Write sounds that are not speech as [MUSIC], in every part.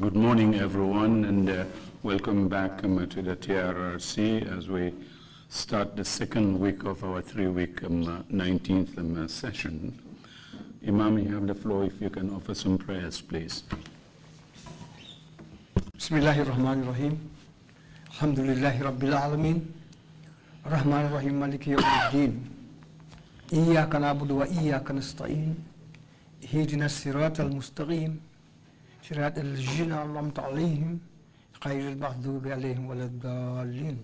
good morning, everyone, and uh, welcome back um, to the TRRC as we start the second week of our three-week um, uh, 19th um, uh, session. Imam, you have the floor if you can offer some prayers, please. Bismillahir Rahmanir Rahim. Alhamdulillahi Rabbil Alameen. Rahman Rahim Maliki Yawmiddin. إياك نعبد وإياك نستعين. اهدنا الصراط المستقيم. صراط الجنة أنعمت عليهم غير المغضوب عليهم ولا الضالين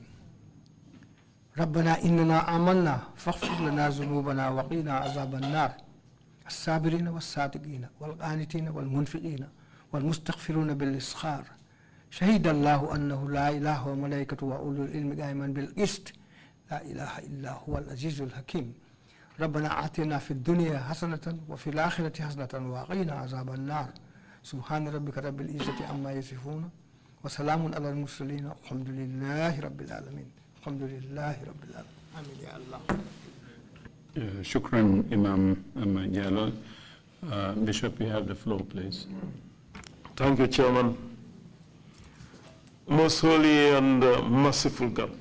ربنا إننا آمنا فاغفر لنا ذنوبنا وقنا عذاب النار الصابرين والصادقين والقانتين والمنفقين والمستغفرون بالإسخار شهد الله أنه لا إله وملائكته وأولو العلم قائما بالقسط لا إله إلا هو العزيز الحكيم ربنا آتنا في الدنيا حسنة وفي الآخرة حسنة وقنا عذاب النار سبحان ربك رب العزة عما يصفون وسلام على المرسلين الحمد لله رب العالمين الحمد لله رب العالمين آمين يا الله شكرا إمام Jalo. Uh, Bishop, you have the floor, please. Thank you, Chairman. Most holy and uh, merciful God,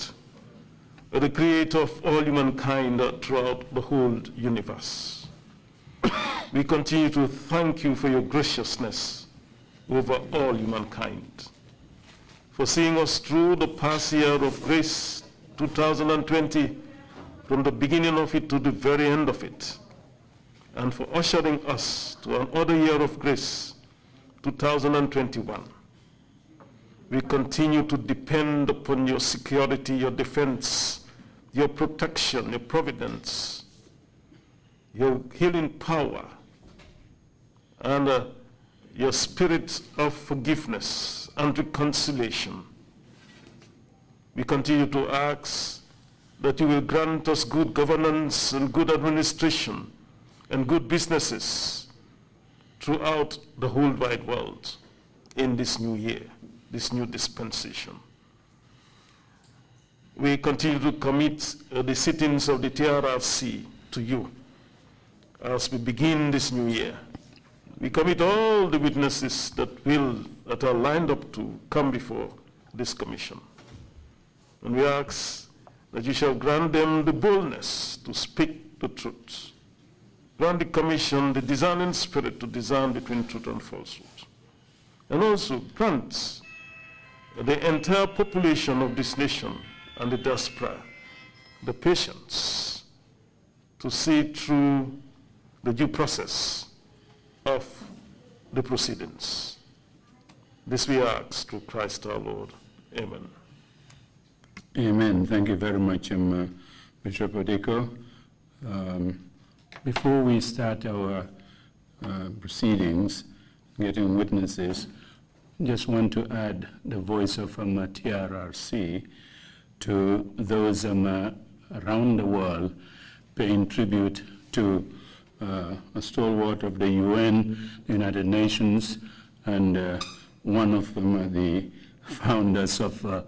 the creator of all humankind throughout the whole universe. We continue to thank you for your graciousness over all humankind, for seeing us through the past year of grace 2020, from the beginning of it to the very end of it, and for ushering us to another year of grace 2021. We continue to depend upon your security, your defense, your protection, your providence, your healing power, and uh, your spirit of forgiveness and reconciliation. We continue to ask that you will grant us good governance and good administration and good businesses throughout the whole wide world in this new year, this new dispensation. We continue to commit uh, the sittings of the TRRC to you as we begin this new year. We commit all the witnesses that will, that are lined up to come before this commission. And we ask that you shall grant them the boldness to speak the truth. Grant the commission the discerning spirit to discern between truth and falsehood. And also grant the entire population of this nation and the diaspora the patience to see through the due process of the proceedings. This we ask through Christ our Lord. Amen. Amen. Thank you very much, um, uh, Bishop Odeko. Um, before we start our uh, proceedings, getting witnesses, just want to add the voice of um, uh, TRRC to those um, uh, around the world paying tribute to uh, a stalwart of the UN, the United Nations, and uh, one of them, uh, the founders of uh,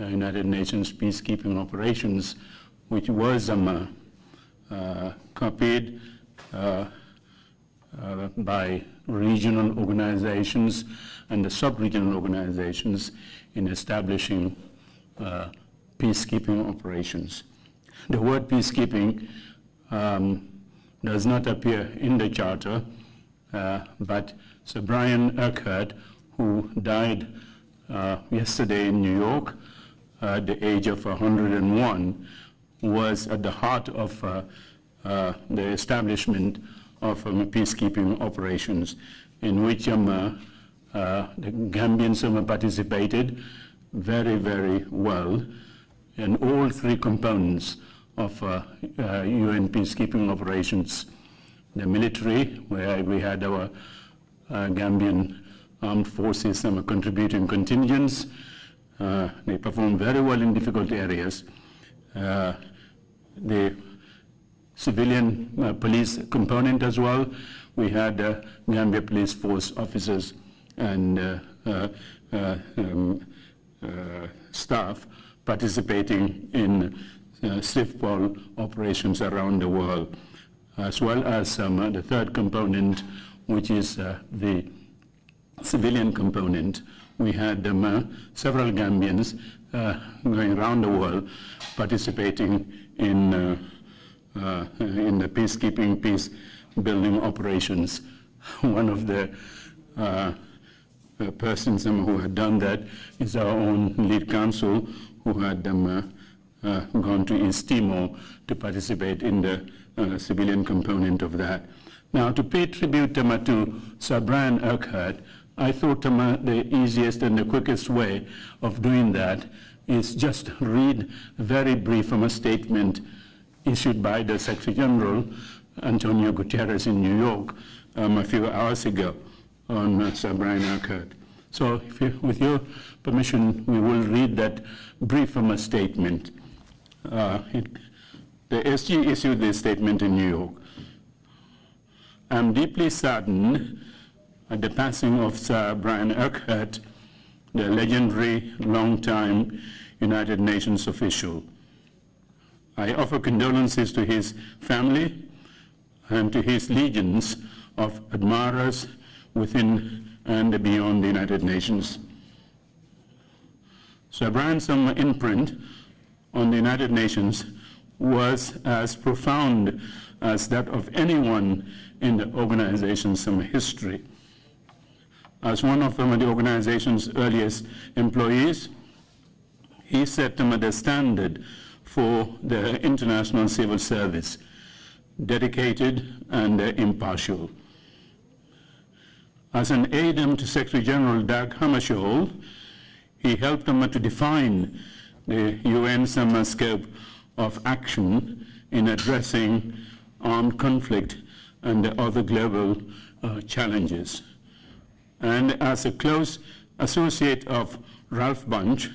uh, United Nations peacekeeping operations, which was um, uh, copied by regional organizations and the sub-regional organizations in establishing peacekeeping operations. The word peacekeeping um, does not appear in the charter, uh, but Sir Brian Urquhart, who died uh, yesterday in New York uh, at the age of 101, was at the heart of uh, uh, the establishment of um, peacekeeping operations in which um, the Gambians um, participated very, very well in all three components of UN uh, uh, peacekeeping operations. The military, where we had our uh, Gambian armed forces and um, contributing contingents, they performed very well in difficult areas. the civilian uh, police component as well. We had uh, Gambia Police Force officers and uh, um, staff participating in uh, SIFPOL operations around the world, as well as um, uh, the third component, which is uh, the civilian component. We had um, uh, several Gambians going around the world participating in, in the peacekeeping, peace building operations. [LAUGHS] One of the persons um, who had done that is our own lead counsel who had um, uh, gone to East Timor to participate in the uh, civilian component of that. Now, to pay tribute to Sir Brian Urquhart, I thought the easiest and the quickest way of doing that is just read very brief from a statement issued by the Secretary General, Antonio Guterres in New York, um, a few hours ago on uh, Sir Brian Urquhart. So you, with your permission, we will read that brief from a statement. Uh, the SG issued this statement in New York. I'm deeply saddened at the passing of Sir Brian Urquhart, the legendary long-time United Nations official. I offer condolences to his family and to his legions of admirers within and beyond the United Nations. Sir Brian's imprint on the United Nations was as profound as that of anyone in the organization's history. As one of the organization's earliest employees, he set the standard for the international civil service, dedicated and impartial. As an aide to Secretary General Dag Hammarskjöld, he helped them to define the UN summer scope of action in addressing armed conflict and other global uh, challenges. And as a close associate of Ralph Bunche,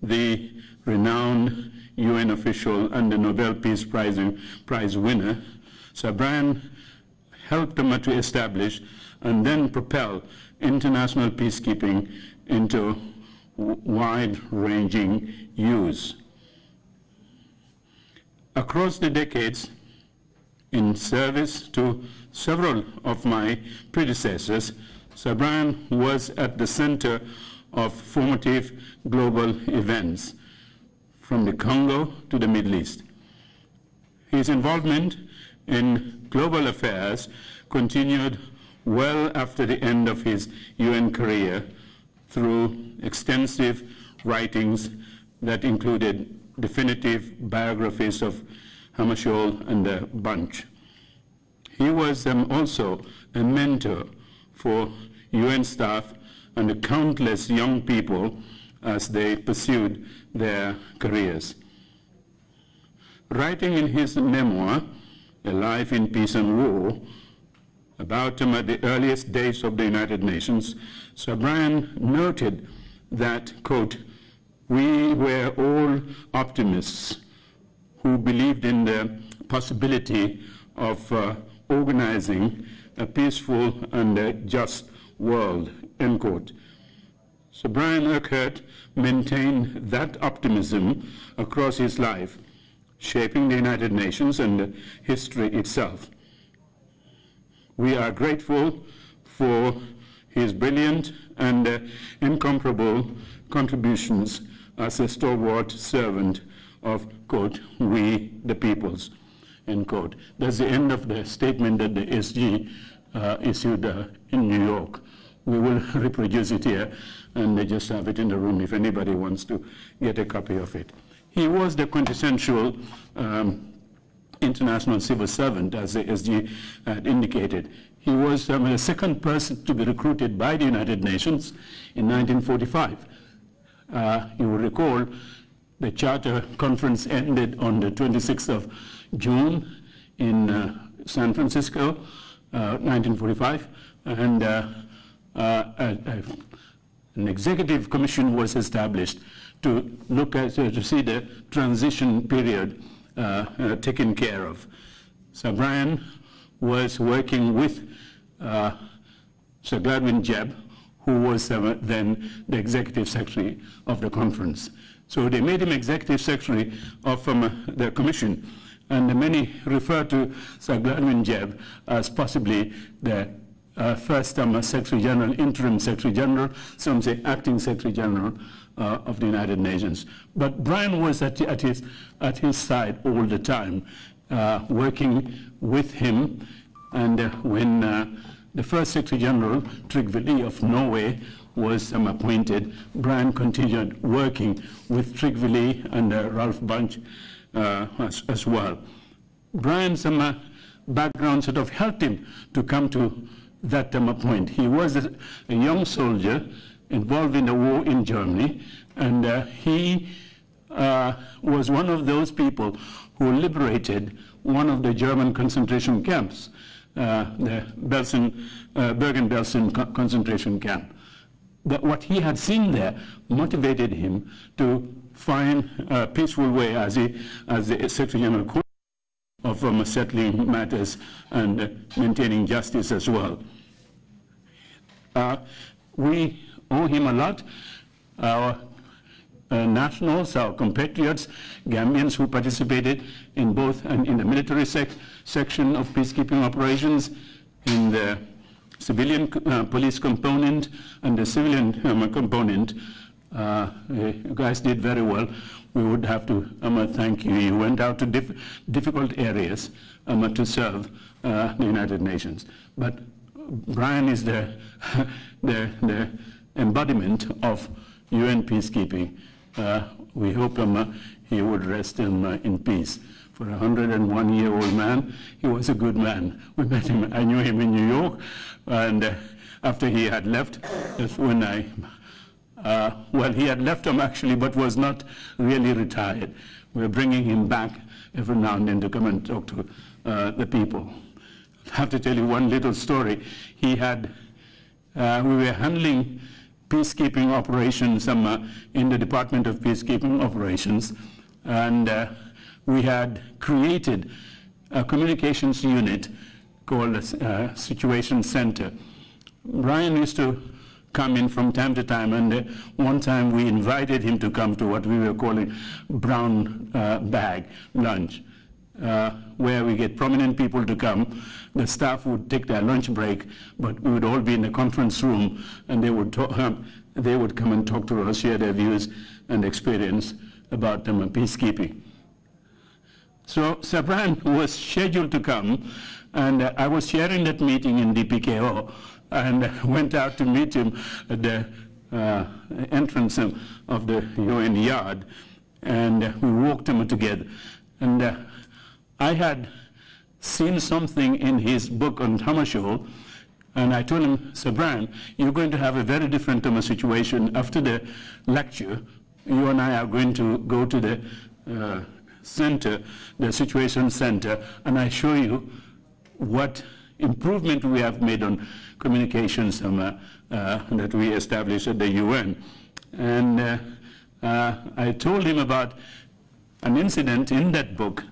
the renowned UN official and the Nobel Peace Prize, Prize winner, Brian helped them to establish and then propel international peacekeeping into wide-ranging use. Across the decades, in service to several of my predecessors, Sabran was at the center of formative global events, from the Congo to the Middle East. His involvement in global affairs continued well after the end of his UN career through extensive writings that included definitive biographies of Hammarskjöld and the bunch. He was um, also a mentor for UN staff and the countless young people as they pursued their careers. Writing in his memoir, A Life in Peace and War, about him at the earliest days of the United Nations, Sir Brian noted that, quote, we were all optimists who believed in the possibility of uh, organizing a peaceful and a just world, end quote. Sir Brian Urquhart maintained that optimism across his life, shaping the United Nations and history itself. We are grateful for his brilliant and uh, incomparable contributions as a stalwart servant of, quote, we the peoples, end quote. That's the end of the statement that the SG uh, issued uh, in New York. We will [LAUGHS] reproduce it here, and they just have it in the room if anybody wants to get a copy of it. He was the quintessential um, International Civil Servant, as the SG had indicated. He was um, the second person to be recruited by the United Nations in 1945. Uh, you will recall the Charter Conference ended on the 26th of June in uh, San Francisco, uh, 1945, and uh, uh, an executive commission was established to look at, to see the transition period uh, uh, taken care of. Sir Brian was working with uh, Sir Gladwin Jebb, who was then the executive secretary of the conference. So they made him executive secretary of um, the commission, and many refer to Sir Gladwin Jebb as possibly the uh, first um, Secretary General, interim Secretary General, some say acting Secretary General uh, of the United Nations. But Brian was at, at, his, at his side all the time, uh, working with him. And uh, when uh, the first Secretary General, Tryggvi of Norway, was um, appointed, Brian continued working with Tryggvi and uh, Ralph Bunch uh, as, as, well. Brian's um, background sort of helped him to come to that um, point. He was a, a young soldier involved in the war in Germany, and uh, he uh, was one of those people who liberated one of the German concentration camps, uh, the Belsen, uh, Bergen-Belsen co concentration camp. what he had seen there motivated him to find a uh, peaceful way, as, he, as the Secretary General of um, settling matters and uh, maintaining justice as well. we owe him a lot. Our uh, nationals, our compatriots, Gambians who participated in both and in the military sec section of peacekeeping operations, in the civilian uh, police component, and the civilian um, component. Uh, eh, you guys did very well. We would have to um, thank you. You went out to diff difficult areas um, to serve uh, the United Nations. But Brian is the, [LAUGHS] the, the embodiment of UN peacekeeping. Uh, we hope um, he would rest in, uh, in peace. For a 101-year-old man, he was a good man. We met him, I knew him in New York, and uh, after he had left, that's when I, uh, well, he had left him actually, but was not really retired. We're bringing him back every now and then to come and talk to uh, the people. I have to tell you one little story. He had, uh, we were handling peacekeeping operations um, in the Department of Peacekeeping Operations. And uh, we had created a communications unit called the uh, Situation Center. Brian used to come in from time to time, and uh, one time we invited him to come to what we were calling brown uh, bag lunch uh, where we get prominent people to come. The staff would take their lunch break, but we would all be in the conference room, and they would, talk, um, they would come and talk to us, share their views and experience about them and peacekeeping. So Sabran [LAUGHS] was scheduled to come, and uh, I was sharing that meeting in DPKO, and [LAUGHS] went out to meet him at the uh, entrance of the UN yard, and we walked him together. And uh, I had seen something in his book on Tamasho, and I told him, Sabran, you're going to have a very different Tama situation. After the lecture, you and I are going to go to the uh, center, the situation center, and I show you what improvement we have made on communications um, uh, uh that we established at the UN. And uh, uh, I told him about an incident in that book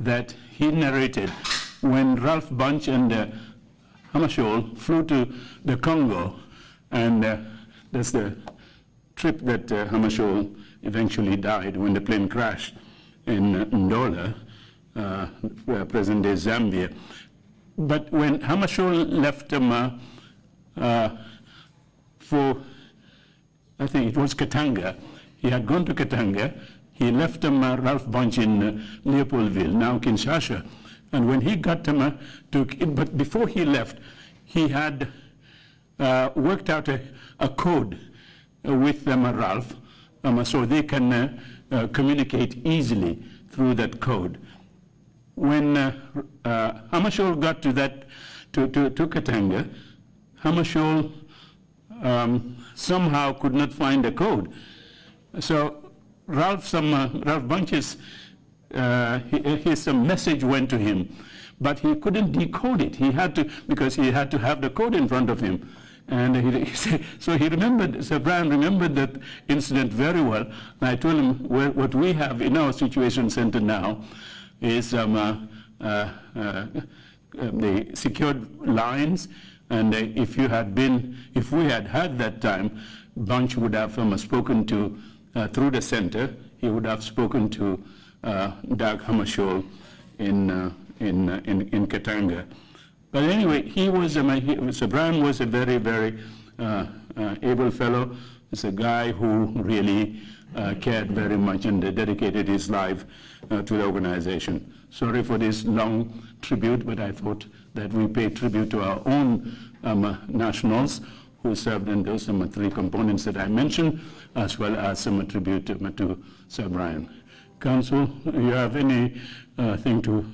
that he narrated when Ralph Bunch and uh, Hammarskjöld flew to the Congo, and uh, that's the trip that uh, Hammarskjöld eventually died when the plane crashed in uh, Ndola, uh, present-day Zambia. But when Hammarskjöld left um, for, I think it was Katanga, he had gone to Katanga, he left um, uh, Ralph Bunch in uh, Leopoldville, now Kinshasa. And when he got him um, to, but before he left, he had uh, worked out a, a code with um, Ralph um, so they can uh, uh, communicate easily through that code. When Hamashol got to that, to, to, to Katanga, Hamashol um, somehow could not find the code. So Ralph, some, uh, Ralph Bunches, uh, uh his uh, message went to him, but he couldn't decode it. He had to, because he had to have the code in front of him. And he, [LAUGHS] he said, so he remembered, Sir Brian remembered that incident very well. And I told him well, what we have in our situation center now is um, uh, uh, uh um, the secured lines. And if you had been, if we had had that time, Bunch would have um, spoken to uh, through the center, he would have spoken to uh, Dag Hammarskjöld in, uh, in, uh, in, in Katanga. But anyway, he was a, he, So Brian was a very, very able fellow. He's a guy who really cared very much and dedicated his life to the organization. Sorry for this long tribute, but I thought that we pay tribute to our own um, nationals who served in those three components that I mentioned, as well as some attribute tribute uh, to Sir Brian. Council, you have any uh, thing to,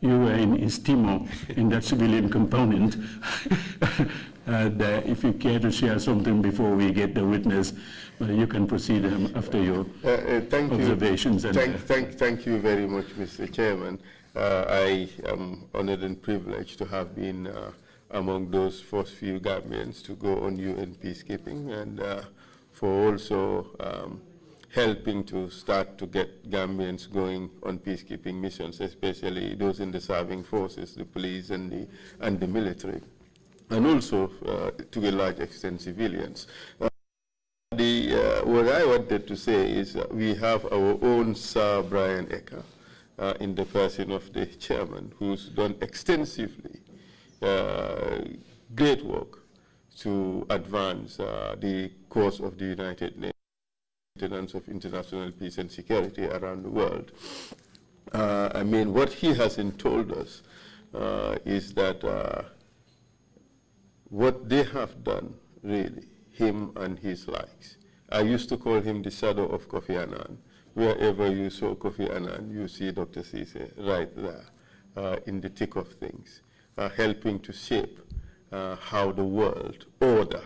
you were in Istimo in that civilian component. and [LAUGHS] uh, if you care to share something before we get the witness, uh, you can proceed um, after your uh, uh thank observations. You. And, thank, thank, thank you very much, Mr. Chairman. I am honored and privileged to have been among those first few governments to go on UN peacekeeping and uh, for also um, helping to start to get Gambians going on peacekeeping missions, especially those in the serving forces, the police and the, and the military, and also uh, to a large extent civilians. Uh, the, uh, what I wanted to say is we have our own Sir Brian Ecker uh, in the person of the chairman who's done extensively uh, great work to advance uh, the cause of the United Nations of international peace and security around the world. Uh, I mean, what he hasn't told us uh, is that uh, what they have done, really, him and his likes. I used to call him the shadow of Kofi Annan. Wherever you saw Kofi Annan, you see Dr. Cisse right there uh, in the thick of things helping to shape how the world order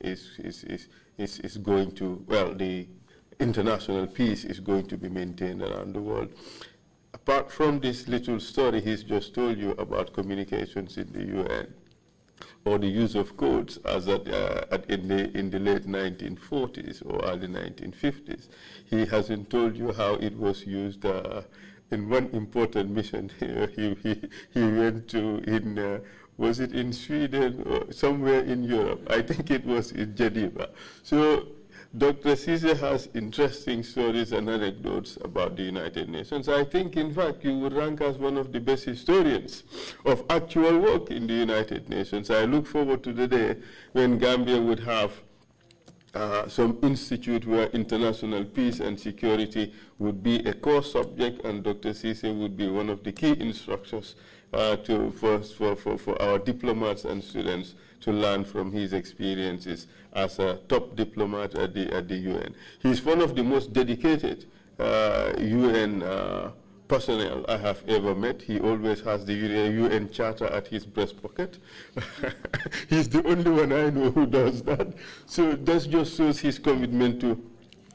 is, is, is, is, is going to, well, the international peace is going to be maintained around the world. Apart from this little story he's just told you about communications in the UN or the use of codes as at, uh, at in, the, in the late 1940s or early 1950s, he hasn't told you how it was used uh, in one important mission [LAUGHS] he, he, he went to in, uh, was it in Sweden or somewhere in Europe? I think it was in Geneva. So Dr. Caesar has interesting stories and anecdotes about the United Nations. I think, in fact, you would rank as one of the best historians of actual work in the United Nations. I look forward to the day when Gambia would have uh, some institute where international peace and security would be a core subject, and Dr. Sisi would be one of the key instructors uh, to, for, for, for our diplomats and students to learn from his experiences as a top diplomat at the, at the UN. He's one of the most dedicated uh, UN uh, personnel I have ever met. He always has the UN Charter at his breast pocket. [LAUGHS] He's the only one I know who does that. So that just shows his commitment to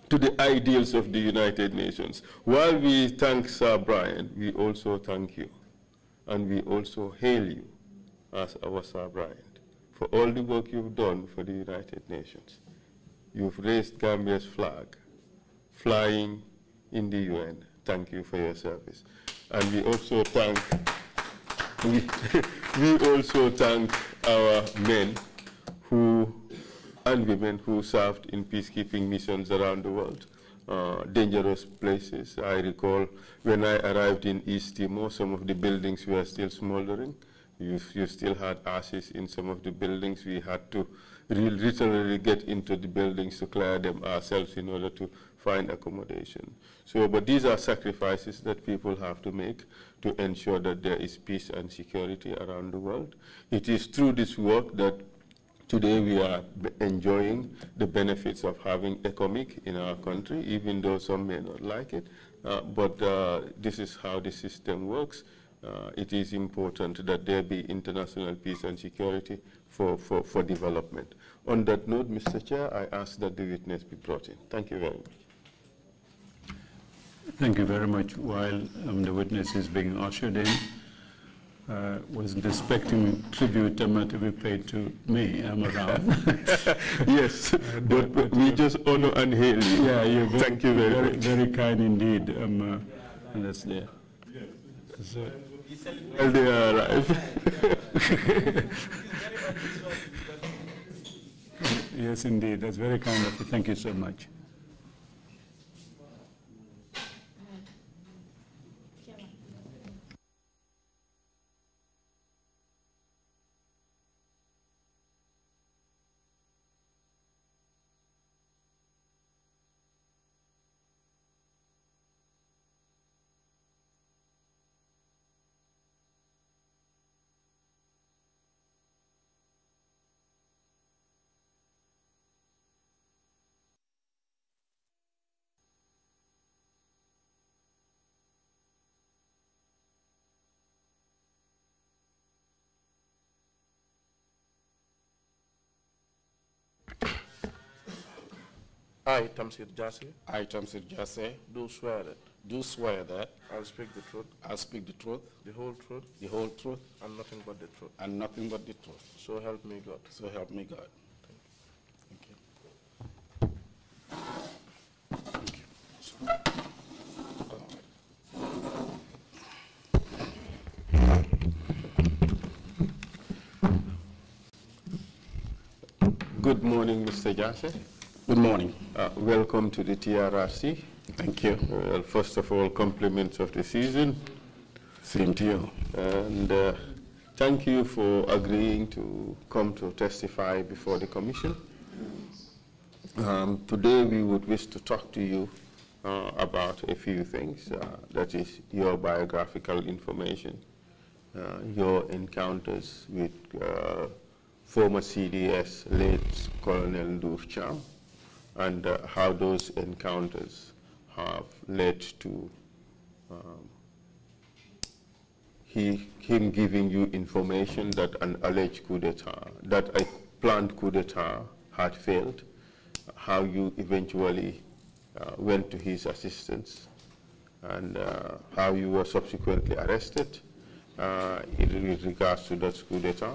to the ideals of the United Nations. While we thank Sir Brian, we also thank you. And we also hail you as our Sir Brian for all the work you've done for the United Nations. You've raised Gambia's flag, flying in the UN thank you for your service. And we also thank, we, [LAUGHS] we also thank our men who, and women who served in peacekeeping missions around the world. Uh, dangerous places. I recall when I arrived in East Timor, some of the buildings were still smoldering. You, you still had ashes in some of the buildings. We had to literally get into the buildings to clear them ourselves in order to find accommodation. So, but these are sacrifices that people have to make to ensure that there is peace and security around the world. It is through this work that today we are enjoying the benefits of having economic in our country, even though some may not like it. Uh, but uh, this is how the system works. Uh, it is important that there be international peace and security for, for, for development. On that note, Mr. Chair, I ask that the witness be brought in. Thank you very much. Thank you very much. While um, the witness is being ushered in, I uh, wasn't expecting tribute um, to be paid to me. I'm around. [LAUGHS] yes, but, [LAUGHS] but, we just honor and hail you. Yeah, you're very, Thank you very, very, very kind indeed. Um, uh, and that's there. So, well, they arrive. [LAUGHS] yes, indeed. That's very kind of you. Thank you so much. I, Tamsir Jase. I, Tamsir Jase. Do swear that. Do swear that. I'll speak the truth. I'll speak the truth. The whole truth. The whole truth. And nothing but the truth. And nothing but the truth. So help me God. So help me God. Thank you. Thank you. Thank you. Good morning, Mr. Jase. Good morning. Uh, welcome to the TRRC. Thank you. Well, first of all, compliments of the season. Same to you. And uh, thank you for agreeing to come to testify before the commission. Um, today we would wish to talk to you uh, about a few things, uh, that is your biographical information, uh, your encounters with uh, former CDS late Colonel Doof and uh, how those encounters have led to um, he, him giving you information that an alleged coup d'etat, that a planned coup d'etat had failed, how you eventually uh, went to his assistance, and uh, how you were subsequently arrested uh, in regards to that coup d'etat,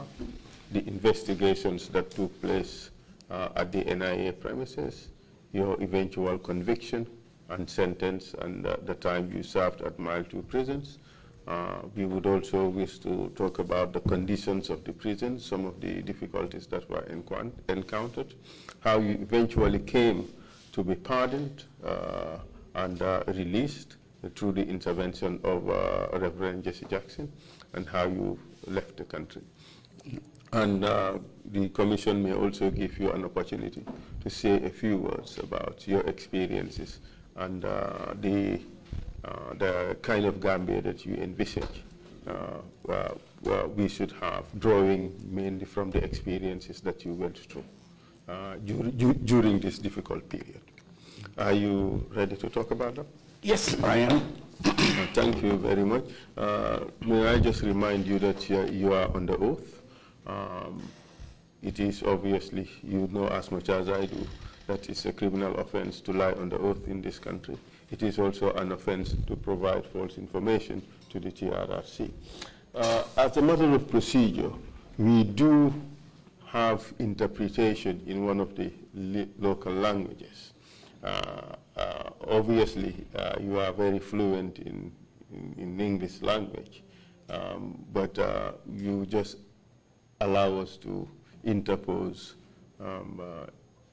the investigations that took place uh, at the NIA premises, your eventual conviction and sentence and uh, the time you served at Mile 2 prisons. Uh, we would also wish to talk about the conditions of the prison, some of the difficulties that were encountered, how you eventually came to be pardoned uh, and uh, released through the intervention of uh, Reverend Jesse Jackson, and how you left the country. And uh, the commission may also give you an opportunity to say a few words about your experiences and uh, the, uh, the kind of Gambia that you envisage. Well, uh, well, we should have, drawing mainly from the experiences that you went through dur uh, dur during this difficult period. Are you ready to talk about that? Yes, I am. Thank you very much. Uh, may I just remind you that you are, you are on the oath? um, it is obviously, you know as much as I do, that it's a criminal offense to lie on the oath in this country. It is also an offense to provide false information to the TRRC. Uh, as a matter of procedure, we do have interpretation in one of the local languages. Uh, uh, obviously, uh, you are very fluent in, in, in English language, um, but uh, you just allow us to interpose um, uh,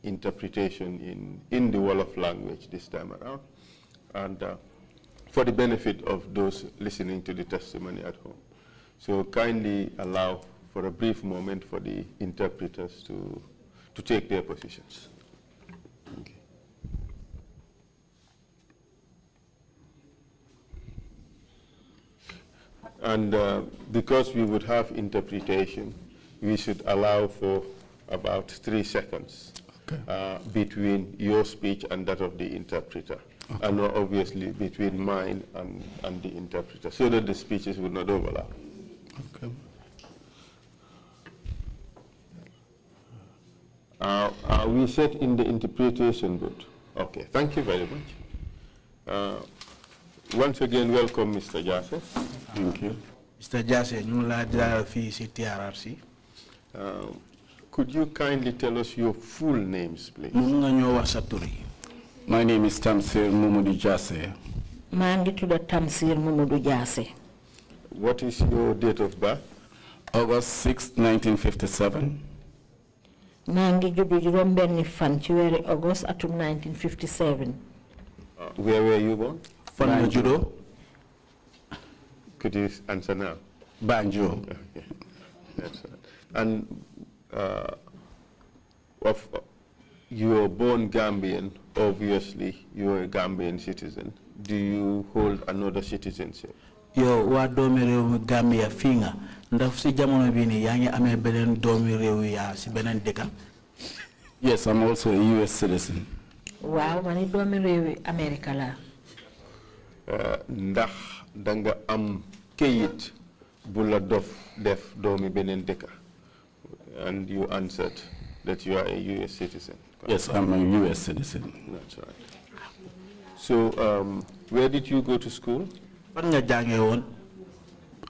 interpretation in, in the of language this time around, and uh, for the benefit of those listening to the testimony at home. So kindly allow for a brief moment for the interpreters to, to take their positions. And uh, because we would have interpretation, we should allow for about three seconds okay. uh, between your speech and that of the interpreter. Okay. And obviously between mine and, and the interpreter, so that the speeches would not overlap. Okay. Uh, uh, we said in the interpretation booth. Okay, thank you very much. Uh, once again, welcome, Mr. Jase. Thank you. Mr. Jase, ñu ngi the dalal fii TRRC. Um, could you kindly tell us your full names, please? My name is Tamsir Mumudu Jase. Tamsir Mumudu Jase. What is your date of birth? August 6, 1957. Mangi Jubi Jurombeni August 1957. Uh, where were you born? Fanjudo. Could you answer now? Banjo. Okay. That's right and uh, of you were born Gambian, obviously you are a Gambian citizen. Do you hold another citizenship? Yo, wa doomi réew Gambia fii nga ndax si jamono bii nii yaa ngi amee beneen doomi si beneen dëkka. yes I'm also a US citizen. Wow, ma ne doomi réewi la. Uh, ndax danga am këyit bu dof def domi beneen dëkka. And you answered that you are a U.S. citizen. Yes, I'm a U.S. citizen. That's right. So, um, where did you go to school?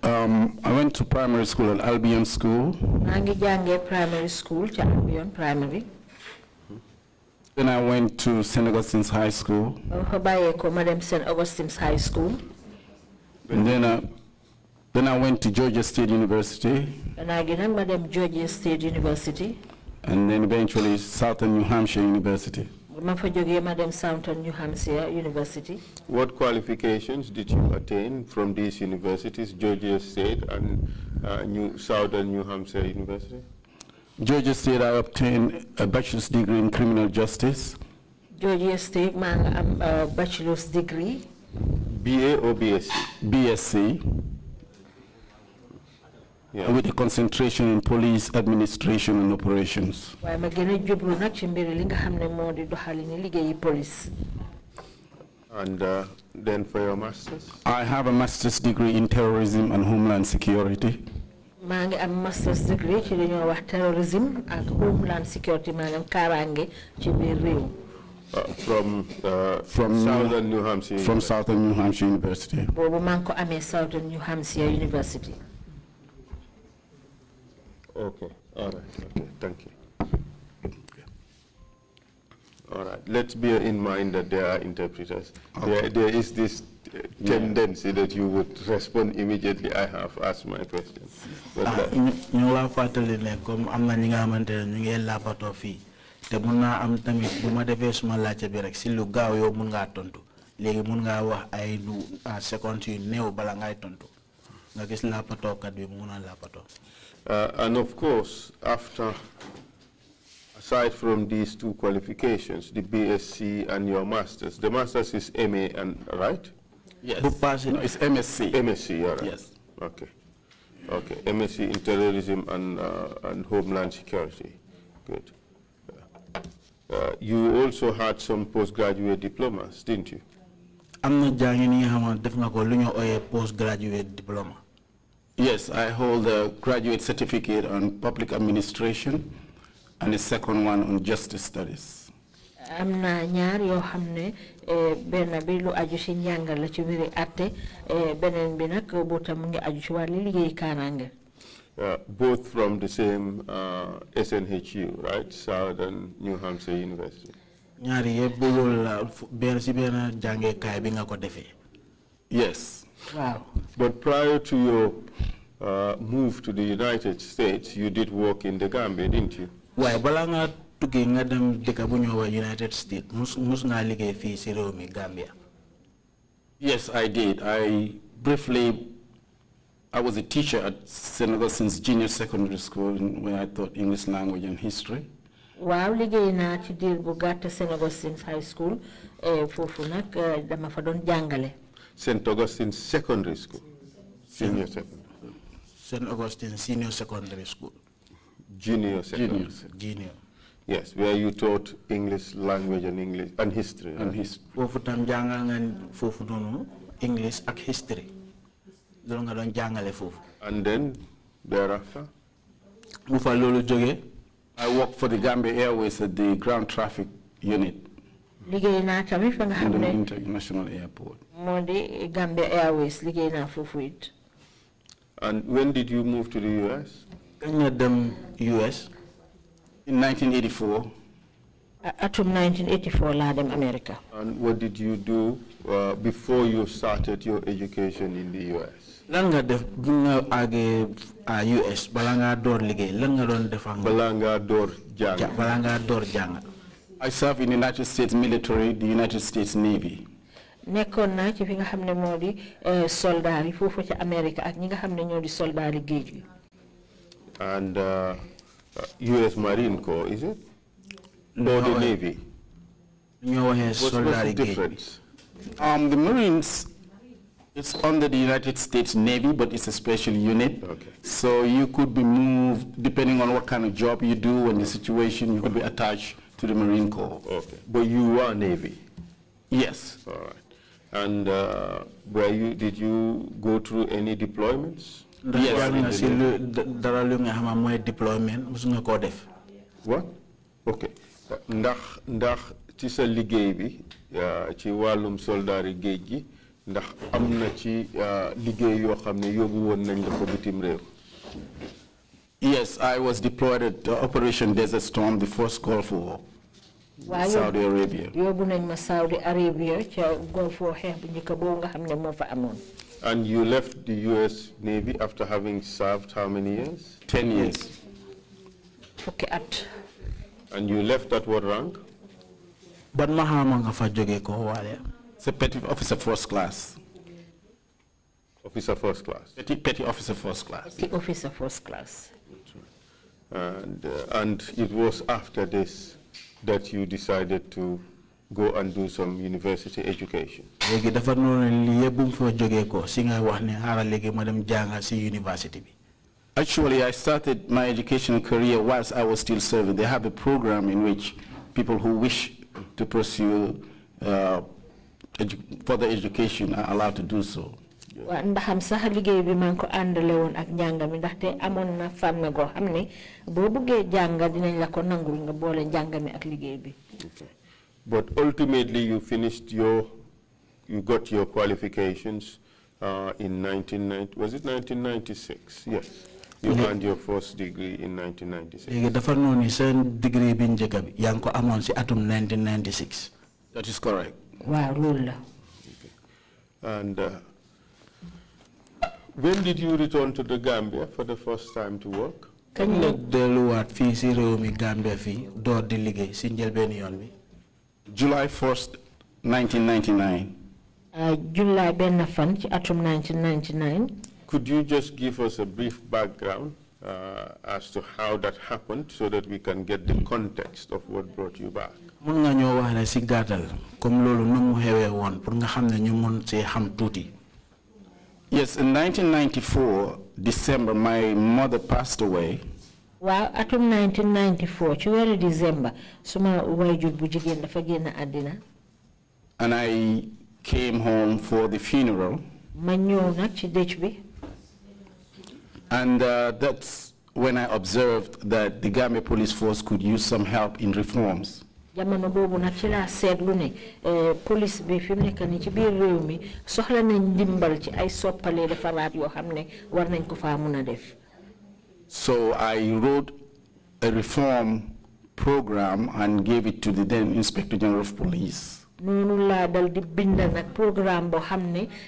Um, I went to primary school at Albion School. primary school, Albion Primary. Then I went to St. Augustine's High School. Oh, St. Augustine's High School. And then I uh, then I went to Georgia State University. And I remember them Georgia State University. And then eventually Southern New Hampshire University. Southern New Hampshire University. What qualifications did you attain from these universities, Georgia State and uh, New Southern New Hampshire University? Georgia State, I obtained a bachelor's degree in criminal justice. Georgia State, my um, uh, bachelor's degree. BA or BSc? BSc yeah. with a concentration in police administration and operations. And uh, then for your master's? I have a master's degree in terrorism and homeland security. maa master's degree in terrorism and homeland security maanaam kaaraange ci uh, from uh, from Southern New Hampshire. from Southern New Hampshire University. Southern New Hampshire University. Okay, all right, okay, thank you. All right. Let's bear in mind that there are interpreters. Okay. There, there is this uh, tendency yeah. that you would respond immediately. I have asked my question. ñu waa fàttali ne comme am na ñi nga xamante ne ñu ngi laabatoo fii te mun naa am tamit bu ma defee suma laajte bi rek si lu gaaw yow mun ngaa tontu léegi mun uh, ngaa wax ay lu secondes yu néew bala ngay tontu nga gis laapatookat bi mun a laapatoo. Uh, and of course, after, aside from these two qualifications, the BSc and your master's, the master's is MA, and right? Yes. Book passing no, is MSc. MSc, all right. Yes. Okay. Okay, MSc in terrorism and, uh, and homeland security. Good. Uh, uh, you also had some postgraduate diplomas, didn't you? I'm not jangini haman def nga ko postgraduate diploma. Yes, I hold a graduate certificate on public administration and a second one on justice studies. am ñaar yoo xam eh, benn bi lu aju si njàngal la ci wéri atte eh, beneen bi nag bu tam ngi aju ci liggéey uh, both from the same uh, SNHU right Southern New Hampshire University. ñaar benn benn bi nga ko yes. Wow. But prior to your uh, move to the United States, you did work in the Gambia, didn't you? Waaye balanga ngaa tukkee nga dem dëkk bu United States mus mus ngaa liggéey fii mi Gambia. Yes, I did. I briefly, I was a teacher at Senegal since Junior Secondary School where I taught English language and history. Wow, liggéey na tudi bugata Senegal since High School eh, foofu nag eh, dama fa doon jàngale. St. Augustine Secondary School. Senior Secondary. St. Augustine Senior Secondary School. Junior Secondary. Junior. Junior. Yes, where you taught English language and English and history. And history. English ak history. don jangale And then thereafter I worked for the Gambia Airways at the ground traffic unit liggéey naa tamit nga international airport moo Gambia Airways liggéey naa it and when did you move to the US kañ dem US in 1984 atum 1984 laa dem America and what did you do uh, before you started your education in the US lan def bu US balaa ngaa door liggéey lan I serve in the United States military, the United States Navy. nekkoon naa ci fi nga di eh, soldaar yi foofu ci Amérique ak di and U.S. Uh, uh, Marine Corps is it. no the Navy. ñoo waxee soldaar What's the difference? um the Marines. It's under the United States Navy, but it's a special unit. Okay. So you could be moved depending on what kind of job you do and the situation. You could be attached to the Marine Corps. Okay. But you were Navy? Yes. All right. And uh, were you, did you go through any deployments? Yes. dara lu nga deployment musu nga What? Okay. ndax ndax ci sa liggéey bi ci wàllum soldaari géej gi ndax am na ci liggéey yoo xam ne yóbbu nañ la ko bitim réew. Yes, I was deployed at Operation Desert Storm, the first Gulf War. Saudi Arabia yóbbu nañ in Saudi Arabia ca And you left the U.S. Navy after having served how many years? Ten years. Okay. And you left at what rank? But maxaama nga fa jóge ko waale. officer first class. Officer first class. Petty, petty officer first class. Petty officer first class. And, uh, and it was after this that you decided to go and do some university education. Legi dafa noonu li yëpp bu mu ko si nga wax ma dem jànga si university bi. Actually, I started my educational career whilst I was still serving. They have a program in which people who wish to pursue uh, edu further education are allowed to do so sax liggéey bi maa ngi ko àndale woon ak ndaxte amoon na fànn goo xam ne boo buggee jàng dinañ la ko nangul nga boole ak liggéey bi. but ultimately you finished your you got your qualifications uh, in 1990 was it 1996 yes. you earned your first degree in 1996. léegi dafa noonu seen degree bi njëkk bi yaa ngi ko amoon si atum 1996. that is correct. waaw loolu la. and. Uh, when did you return to the Gambia for the first time to work? kañ la delluwaat fi si réew mi Gambia fi door di liggéey si njëlbeen yoon bi. July 1st 1999. Ah, July ben fan ci atum 1999. Could you just give us a brief background uh, as to how that happened so that we can get the context of what brought you back. mun nga ñoo wax ne si gàttal comme loolu nu mu xewee woon pour nga xam ne ñu mun see xam tuuti. Yes, in 1994, December, my mother passed away. Well, atum 1994 ci in December so you bu jigéen dafa génn and I came home for the funeral. and uh, that's when I observed that the Gambia Police Force could use some help in reforms jamono ci ne eh, police bi ci mi soxla nañ ci ay soppale war nañ ko def. So I wrote a reform program and gave it to the then Inspector General of Police dal di bind programme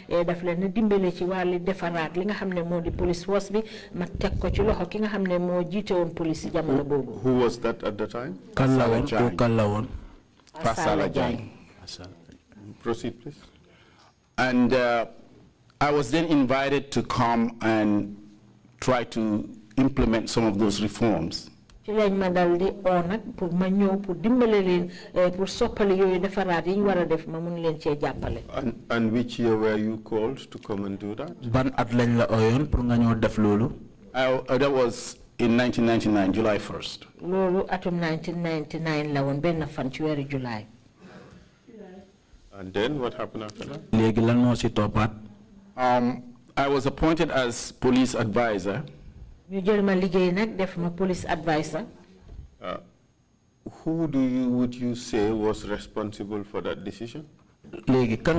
eh, daf leen ci defaraat li nga police force bi ma ko ci loxo ki nga police jamono who was that at the time. kan la woon kooku kan la Proceed, please. And uh, I was then invited to come and try to implement some of those reforms lañ ma dal di nag pour ma ñëw pour dimbale leen eh, pour soppali yooyu defaraat yi ñu war a def ma mun leen cee jàppale. and which year were you called to come and do that. ban at lañ la ooyoon pour nga ñëw def loolu. Uh, that was in 1999 July 1st. loolu atum 1999 la woon benn fan ci weeru July. and then what happened after that. léegi lan moo si toppaat. Um, I was appointed as police advisor ñu police uh, who do you would you say was responsible for that decision. léegi kan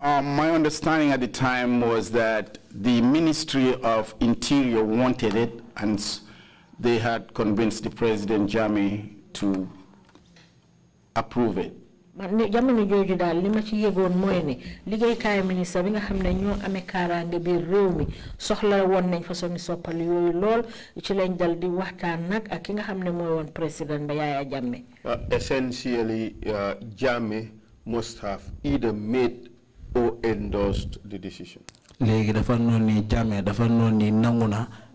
uh, my understanding at the time was that the Ministry of Interior wanted it, and they had convinced the President Jami to approve it jamono ci yëgoon ne ministre bi nga mi soxla nañ soppal ci lañ dal di waxtaan ak ki nga président ba uh, essentially uh, Jammeh must have either made or endorsed the decision. léegi dafa noonu ni dafa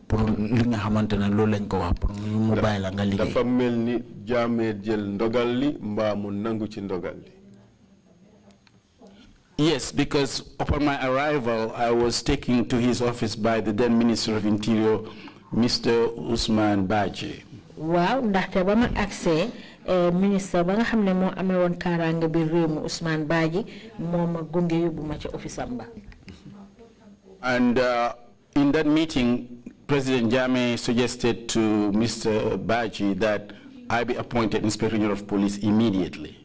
pour li nga loolu lañ ko wax pour mu bàyyi la nga liggéey dafa mel ni jaamee jël ndogal li mbaa mu nangu ci ndogal li Yes, because upon my arrival, I was taken to his office by the then Minister of Interior, Mr. Usman Baji. Wow, ndaxte ba ma minister eh, ministre ba nga xam ne moo amee woon kaaraange bi réew mi Ousmane Badji moo ma gunge yóbbu ma ca office am ba. And uh, in that meeting, President Jame suggested to Mr. Baji that I be appointed Inspector General of Police immediately.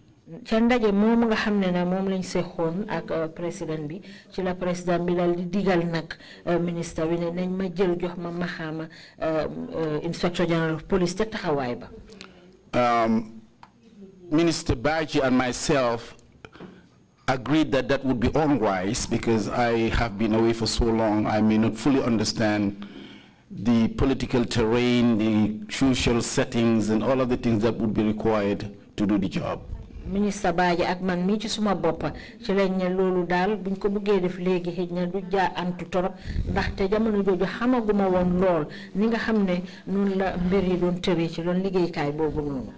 ca ndaje moom nga xam na moom lañ seexoon ak euh, président bi ci la président bi daal di digal nag euh, ministre bi ne nañ ma jël jox ma maxaama euh, Inspector General of Police ca taxawaay ba. Um, Minister Baji and myself agreed that that would be unwise because I have been away for so long I may not fully understand the political terrain, the social settings, and all of the things that would be required to do the job. ak man ci suma ci lañ ne buñ ko def xëj na du antu jamono xamaguma lool ni nga la mbir yi doon ci doon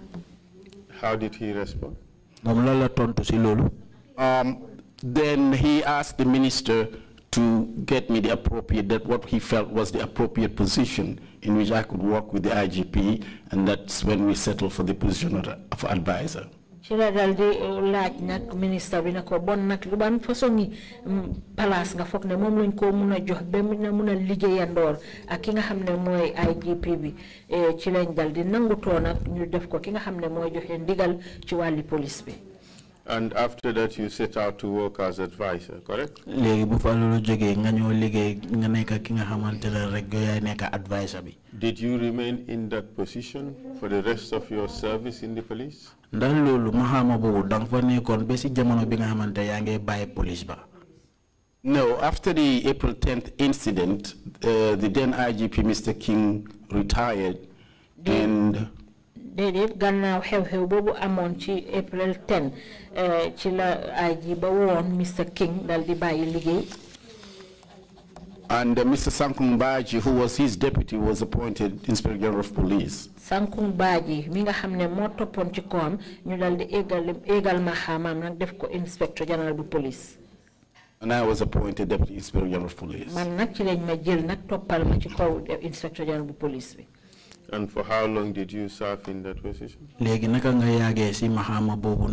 how did he respond. la tontu um, then he asked the minister to get me the appropriate, that what he felt was the appropriate position in which I could work with the IGP, and that's when we settled for the position of, of advisor. ci la dal nak laaj nag ministre bon nag lu ban palas ni mm, place nga foog ne moom lañ koo mun a na muna a yandor ak ki nga IGP bi eh, chile lañ dal di nangutoo nag ñu def ko ki nga xam ne mooy joxe police bi and after that, you set out to work as advisor, correct? Did you remain in that position for the rest of your service in the police? No, after the April 10th incident, uh, the then IGP, Mr. King, retired and... April 10 Eh, ci la IG ba woon Mr King dal di bàyyi liggéey. And uh, Mr. Sankung Baji, who was his deputy, was appointed Inspector General of Police. Sankung Baji, mi nga xamne mo topon ci kom ñu dal di égal égal ma xamam nak def ko Inspector General of Police. And I was appointed Deputy Inspector General of Police. Man nak ci lañ ma jël nak topal Inspector General bu Police And for how long did you serve in that position? Légui naka nga yagé mahama bobu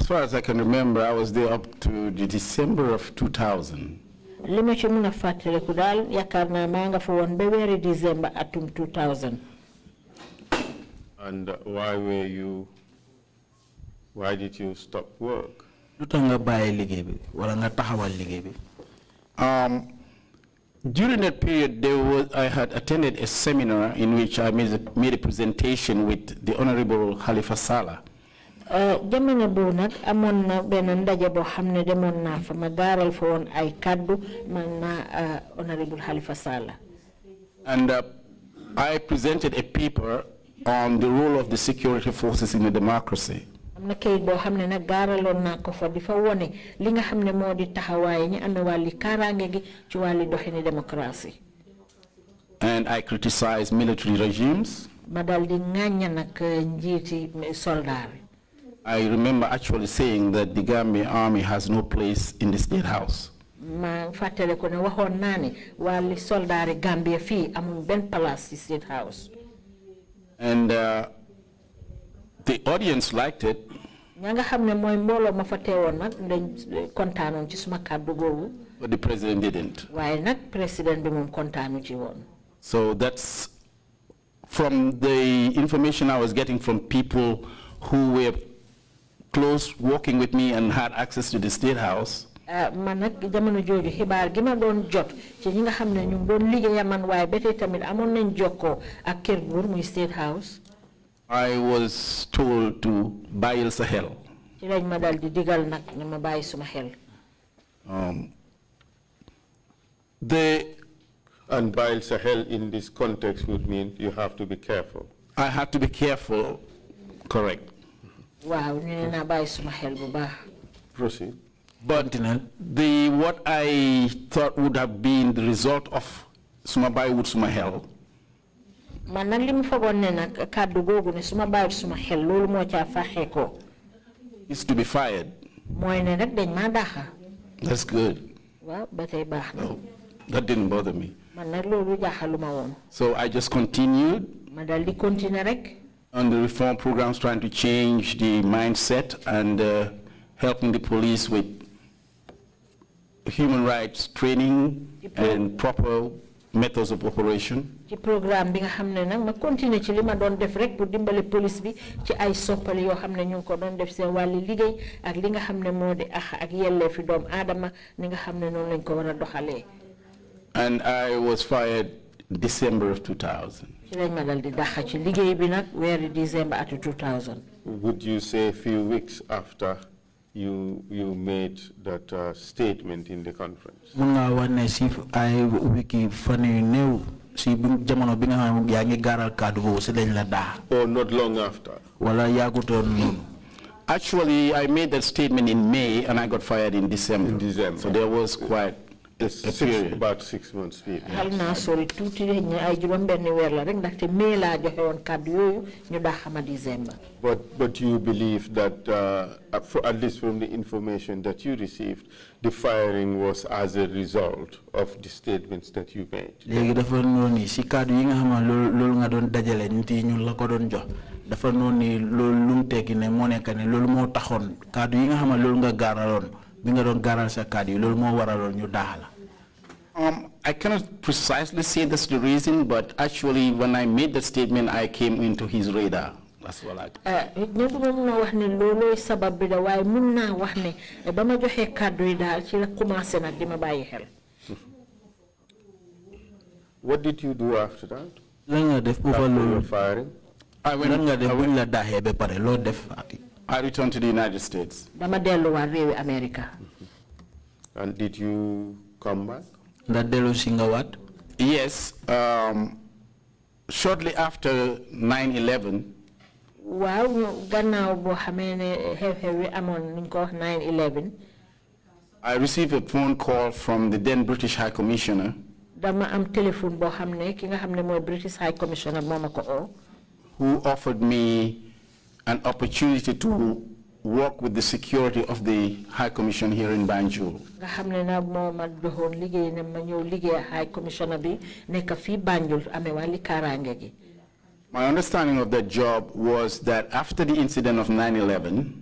as far as I can remember, I was there up to the December of 2000. lima ci mën a fàttaliku daal yaakaar naa maa nga fa woon ba atum 2000. and why were you why did you stop work. lu tax ligebi, walanga liggéey ligebi. wala um, during that period there was I had attended a seminar in which I made a, made a presentation with the Honorable Khalifa Sallah. Eh, jamono na fa ma ay man eh, honorable And uh, I presented a paper on the role of the security forces in a democracy. fa wone li nga ñi gi ci doxini And I criticized military regimes. ma di I remember actually saying that the Gambia army has no place in the state house. Gambia state house. and uh, the audience liked it. but the president didn't. waaye président bi moom kontaanu ci so that's from the information I was getting from people who were close working with me and had access to the State House. Ah, man nag jamono jooju xibaar gi ma doon jot ci ñi nga xam ne ñu ngi doon liggéeya man waaye ba tamit amoon nañ jokkoo ak kër muy State House. I was told to buy sa xel. ci lañ ma daal di digal nak ne ma bàyyi suma xel. Um, the and buy sa xel in this context would mean you have to be careful. I have to be careful. Correct waaw nee naa bàyyi suma xel bu baax. proceed. But the what I thought would have been the result of suma bàyyi wut suma hell. man nag li mu fogoon ne nag kàddu googu ne suma bàyyi suma xel loolu moo caa faxee ko. is to be fired. mooy ne rek dañ maa daaxa. that's good. Well, but tey baax na. that didn't bother me. man nag loolu jaaxaluma woon. so I just continued. ma dal di continuer rek on the reform programs, trying to change the mindset and uh, helping the police with human rights training and proper methods of operation. ci programme bi nga xam ne nag ma continuer ci li ma def rek pour dimbale police bi ci ay soppali yoo xam ne ñu ngi ko doon def seen wàlli liggéey ak li nga xam ne moo di ax ak yellee fi doomu aadama ni nga xam ne lañ ko war a and I was fired December of 2000. 2000. would you say a few weeks after you you made that uh, statement in the conference. Oh, or not long after. Actually, I made that statement in May and I got fired in December. In December. So there was quite about six months fii. but but you believe that uh, for at least from the information that you received the firing was as a result of the statements that you made. dafa ne ne yi nga nga bi nga sa yi ñu um, I cannot precisely say that's the reason, but actually when I made the statement, I came into his radar. That's what I... ñëpp uh, [LAUGHS] What did you do after that? I nga I went, I returned to the United States. America. and did you come back? that they're launching what? Yes. Um, shortly after 9-11, waaw gannaaw bohamene xamee amon xew 9/11. I received a phone call from the then British High Commissioner. dama am téléphone bohamne xam hamne ki British High Commissioner moo ma ko who offered me an opportunity to work with the security of the High Commission here in Banjul. My understanding of that job was that after the incident of 9/11.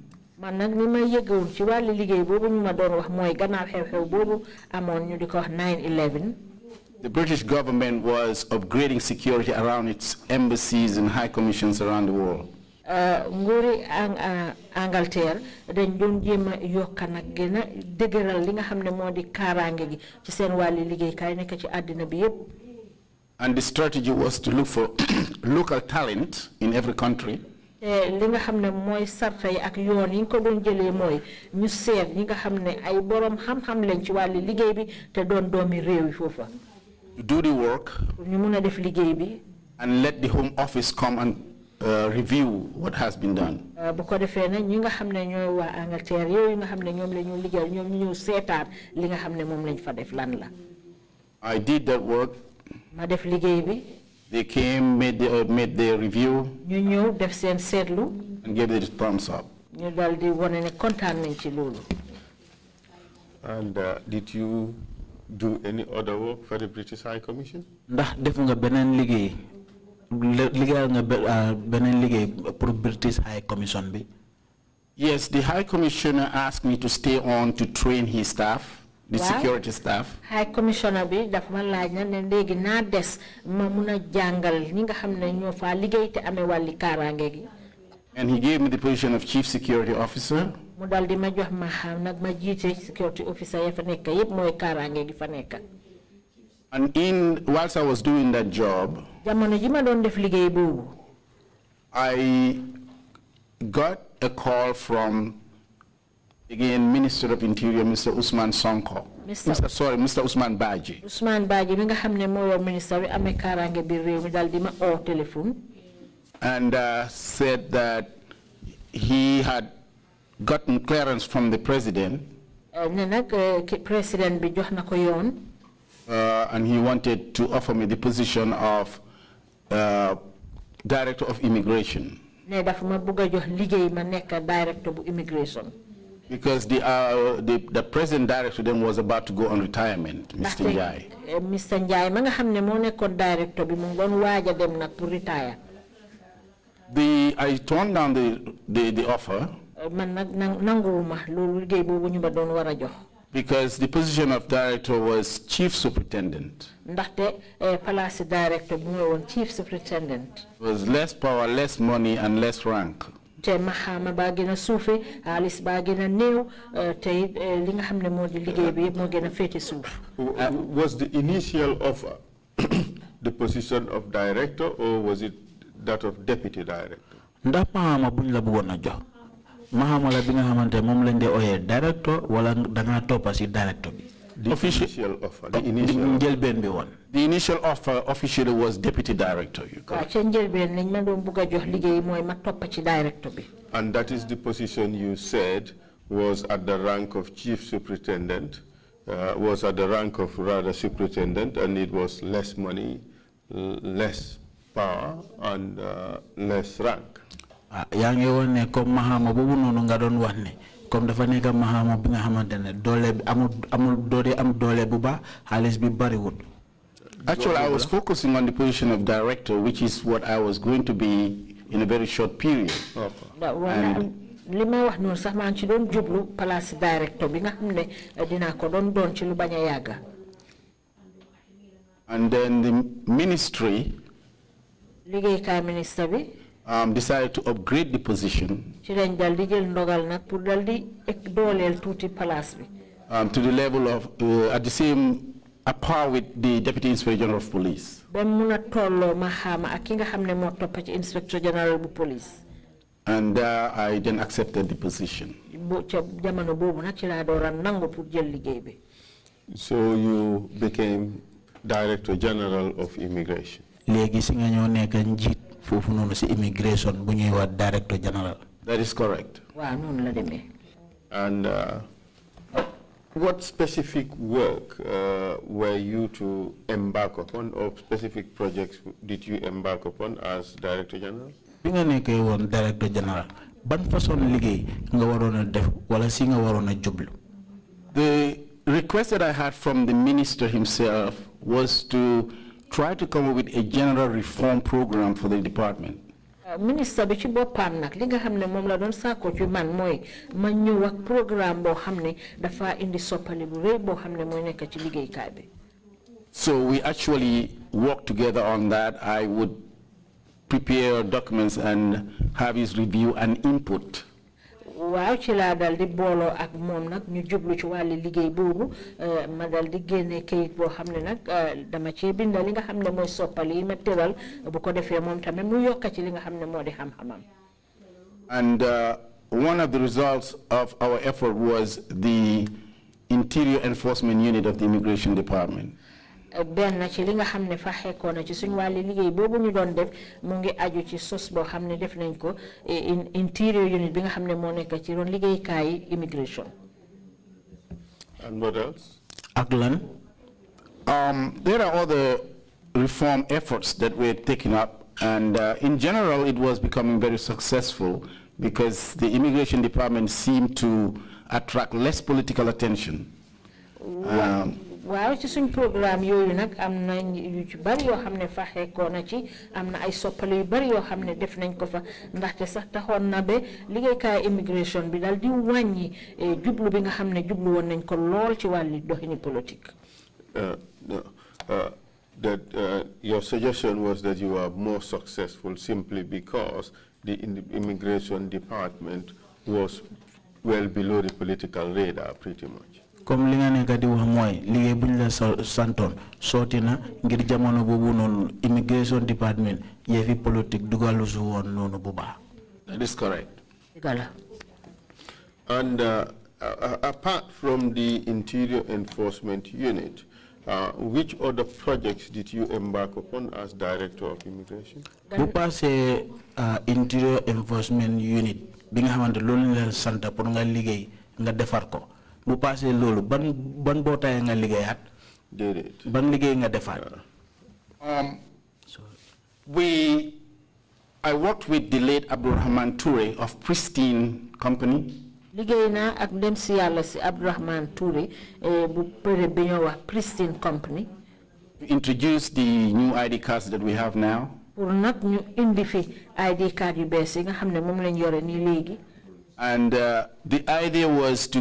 The British government was upgrading security around its embassies and high commissions around the world. Angleterre dañ doon yokk dëgëral li nga gi ci seen wàlli ci bi yëpp. And the strategy was to look for [COUGHS] local talent in every country. li nga xam ne mooy ak yoon yi ko doon ñu nga ay xam-xam lañ ci liggéey bi te doon doomi réew yi do the work. ñu def liggéey bi. and let the home office come and uh, review what has been done. Uh, bu ko ñi nga nga ñu li nga lañ fa def lan la. I did that work. ma def liggéey bi. They came, made, the, uh, made their review. ñu ñëw def seen and gave it a thumbs up. ñu ne nañ ci and uh, did you do any other work for the British High Commission. ndax def nga beneen liggéey liggéeyal nga ah, beneen liggéey pour British High Commission bi. Yes, the High Commissioner asked me to stay on to train his staff, the security staff. High Commissioner bi daf ma laaj na ne léegi naa des ma mun a jàngal ñi nga xam ne ñoo faa te amee wàlli kaaraange gi. And he gave me the position of chief security officer. mu dal di ma jox ma xam nag ma jiite security officer ya fa nekk yëpp mooy kaaraange gi fa nekk. And in whilst I was doing that job, I got a call from again Minister of Interior, Mr. Usman Sonko. Mr. Mr. Sorry, Mr. Usman Baji. Usman Baji, mi nga xamne mo yow minister bi amé karange bi rew mi dal di téléphone. And uh, said that he had gotten clearance from the president. Uh, eh, president bi jox uh, and he wanted to offer me the position of uh, Director of Immigration. Because the, uh, the, the present director then was about to go on retirement, Mr. Njai. Mr. Njai, ma nga xamne director bi mu dem nak retire. The I turned down the the, the offer. Eh, because the position of director was chief superintendent. Eh, chief superintendent. It was less power, less money, and less rank. te eh, te eh, di was the initial offer [COUGHS] the position of director or was it that of deputy director. Mahamala la bi nga xamante moom lañ dee oyee directeur wala dangaa toppa topasi directeur bi The official, initial offer. The initial, the, the initial offer uh, officially was deputy director. You correct? And that is the position you said was at the rank of chief superintendent, uh, was at the rank of rather superintendent, and it was less money, less power, and uh, less rank. Ah, comme nga comme dafa bi nga amul amul am bu bi Actually, I was focusing on the position of director, which is what I was going to be in a very short period. And li wax noonu sax maa ci doon jublu place director, bi nga xam ne eh, ko doon doon ci lu and then the ministry. liggéeykaay ministre bi um, decided to upgrade the position um, to the level of, uh, at the same, a par with the Deputy Inspector General of Police. And uh, I then accepted the position. So you became Director General of Immigration foofu noonu si immigration bu ñuy wax director general. that is correct. waaw noonu la demee. and uh, what specific work uh, were you to embark upon or specific projects did you embark upon as director general. bi nga nekkee woon director general ban façon liggéey nga waroon a def wala si nga waroon a jublu. the request that I had from the minister himself was to try to come up with a general reform program for the department. Uh, minister, bi ci boppam nag li nga la doon ci man ma ñëw ak programme dafa indi soppali bu nekk ci bi. So we actually work together on that. I would prepare documents and have his review and input waaw ci laa dal di booloo ak moom nag ñu jublu ci liggéey boobu euh, ma dal di génne kayit boo xam ne nag euh, dama li nga xam ne mooy yi ma tëral bu ko defee moom tamit mu ci li nga xam ne moo di xam-xamam. And uh, one of the results of our effort was the Interior Enforcement Unit of the Immigration Department benn ci li nga xam ne fa na ci suñu wàllu liggéey boobu ñu doon def mu ngi aju ci sos boo xam def nañ ko eh, interior unit bi nga xam ne moo nekk ci doon liggéeykaay immigration. and what else? ak lan. Um, there are other reform efforts that were taken up and uh, in general it was becoming very successful because the immigration department seemed to attract less political attention waaw ci suñ programme yooyu nag am na yu ci bari yoo xam ne na ci am na ay soppale yu bari yoo xam ne def nañ ko fa ndaxte sax taxoon na liggéeykaay immigration bi di wàññi jublu bi nga xam ne jublu woon nañ ko lool ci doxini politique. Uh, uh, that uh, your suggestion was that you are more successful simply because the immigration department was well below the political radar, pretty much comme li nga di wax la na ngir jamono immigration department yëfi politique dugalu su bu that is correct. and uh, uh, apart from the interior enforcement unit. Uh, which other projects did you embark upon as director of immigration? bu passé uh, interior enforcement unit bi nga xamante loolu la sant pour nga bu paasee loolu ban ban mbootaay nga liggéeyaat. déedéet ban liggéey nga defaat. Um, we I worked with the late Abdurrahman Toure of Pristine Company. liggéey naa ak dem si yàlla si Abdurrahman Toure eh, bu përé bi wax Pristine Company. to introduce the new ID cards that we have now. pour nag ñu indi fi ID card yu bees yi nga xam ne moom lañ yore nii léegi. and uh, the idea was to.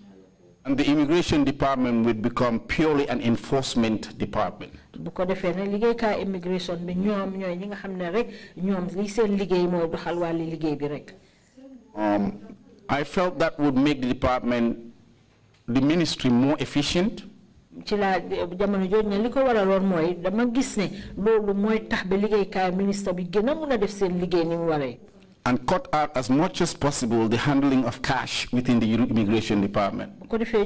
And the immigration department would become purely an enforcement department. Um, I felt that would make the department, the ministry, more efficient and cut out as much as possible the handling of cash within the immigration department. Because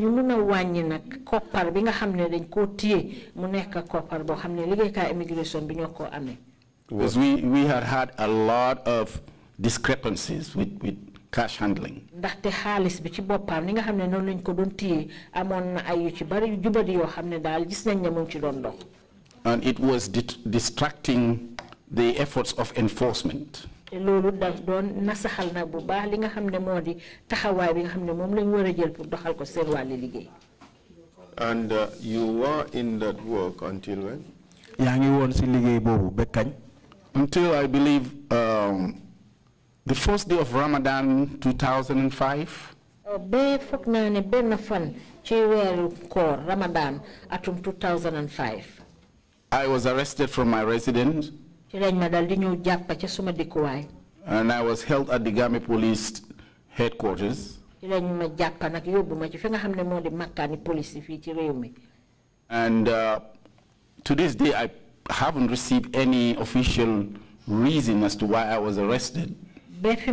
we, we had had a lot of discrepancies with, with cash handling. And it was distracting the efforts of enforcement doon nasaxal bu baax li nga bi nga lañ jël pour doxal ko seen liggéey. and uh, you were in that work until when. yaa ngi woon liggéey until I believe um, the first day of Ramadan 2005. Uh, ba foog naa ne fan ci koor Ramadan atum 2005. I was arrested from my residence and I was held at the Gami Police headquarters. and uh, to this day I haven't received any official reason as to why I was arrested. but the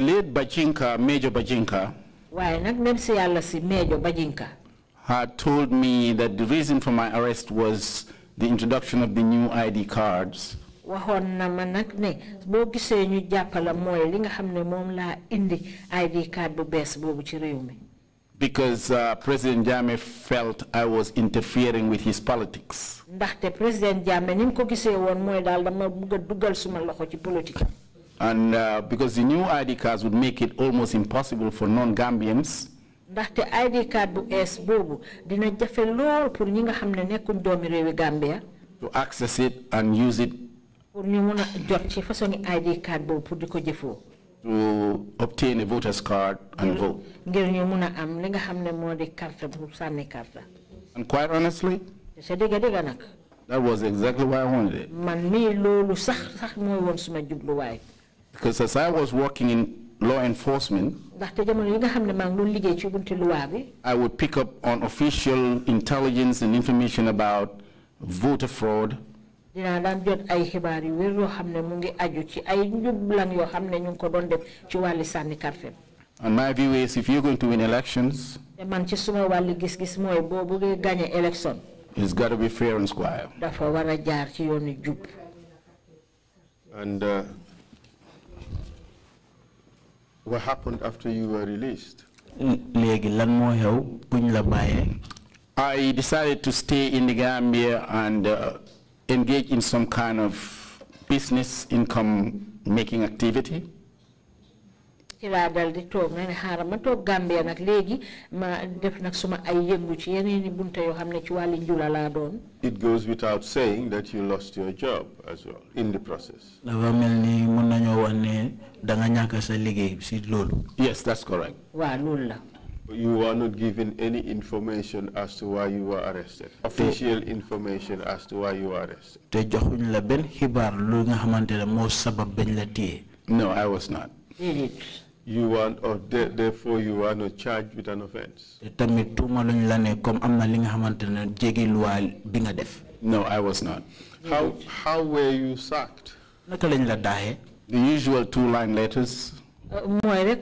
late Bajinka Major Bajinka. Why? nag même Major Bajinka had told me that the reason for my arrest was the introduction of the new ID cards. na ne gisee ñu jàppala li nga indi ID card bu ci mi. because uh, President Jammeh felt I was interfering with his politics. ndaxte président ko gisee dama bëgg suma loxo ci politique. and uh, because the new ID cards would make it almost impossible for non-Gambians ndaxte ID card bu ees boobu dina jafe lool pour ñi nga xam ne nekkuñ doomi réewi Gambia. to access it and use it. pour ñu mun a jot ci façon ID card boobu pour di ko jëfoo. to obtain a voter's card and mm. vote. ngir ñu mun a am li nga xam ne moo di carte bu sànni carte. and quite honestly. sa dëgg dëgg nag. that was exactly why I wanted it. man mii loolu sax sax mooy woon suma jubluwaay. because as I was working in law enforcement. I would pick up on official intelligence and information about voter fraud. And my view is if you're going to win elections, it's got to be fair and square. And uh, what happened after you were released? I decided to stay in the Gambia and uh, engage in some kind of business income making activity di ma Gambia ma def suma ay yëngu ci yeneeni bunte ci njula doon. it goes without saying that you lost your job as well in the process. dafa da nga sa yes that's correct. la. you were not given any information as to why you were arrested. Official information as to why you were arrested. No, I was not you are or de therefore you are not charged with an offense. no I was not. how how were you sacked. the usual two line letters. line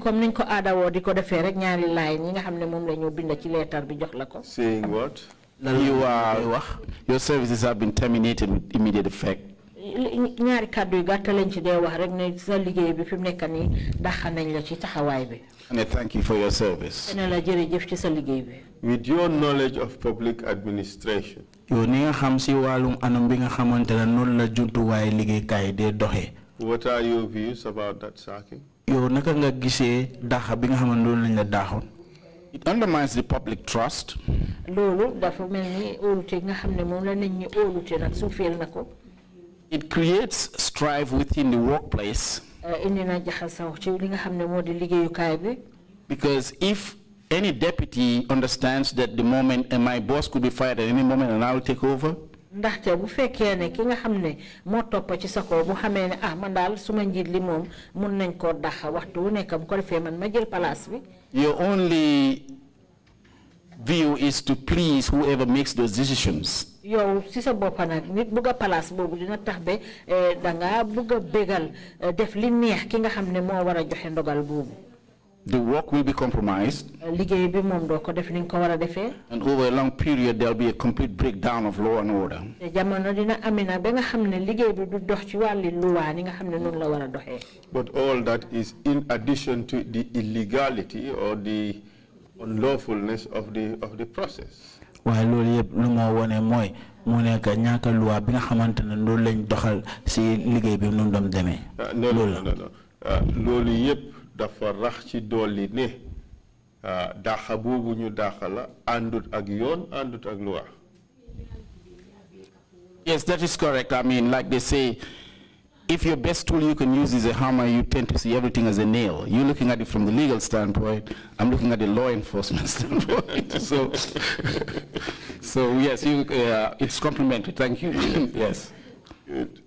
saying what. You are your services have been terminated with immediate effect ñaari kàddu yu lañ ci dee wax rek ne sa liggéey bi fi mu nekk nii nañ la ci taxawaay bi. thank you for your service. la jërëjëf ci sa liggéey bi. with your knowledge of public administration. yow ni nga xam si wàllum anam bi nga xamante ne noonu la jumtuwaay liggéeykaay dee doxee. what are your views about that sacking. yow naka nga gisee bi nga ne lañ la daaxoon. it undermines the public trust. loolu dafa mel ni óolute nga xam ne moom la nit ñi óolute nag suufeel na ko. It creates strife within the workplace. Eh, because if any deputy understands that the moment and eh, my boss could be fired at any moment and I'll take over. your only view is to please whoever makes those decisions yow si sa nag nit bugg a boobu dina tax ba eh, danga bugg a bégal eh, def li neex ki nga xam ne moo war a joxe ndogal boobu the work will be compromised. And over a long period, there'll be a complete breakdown of law and order. But all that is in addition to the illegality or the unlawfulness of the, of the process si ah, ah, ah, àndut àndut Yes, that is correct. I mean, like they say if your best tool you can use is a hammer, you tend to see everything as a nail. You're looking at it from the legal standpoint. I'm looking at the law enforcement [LAUGHS] standpoint. so, [LAUGHS] so yes, you, uh, it's complementary. Thank you. [CLEARS THROAT] yes. Good.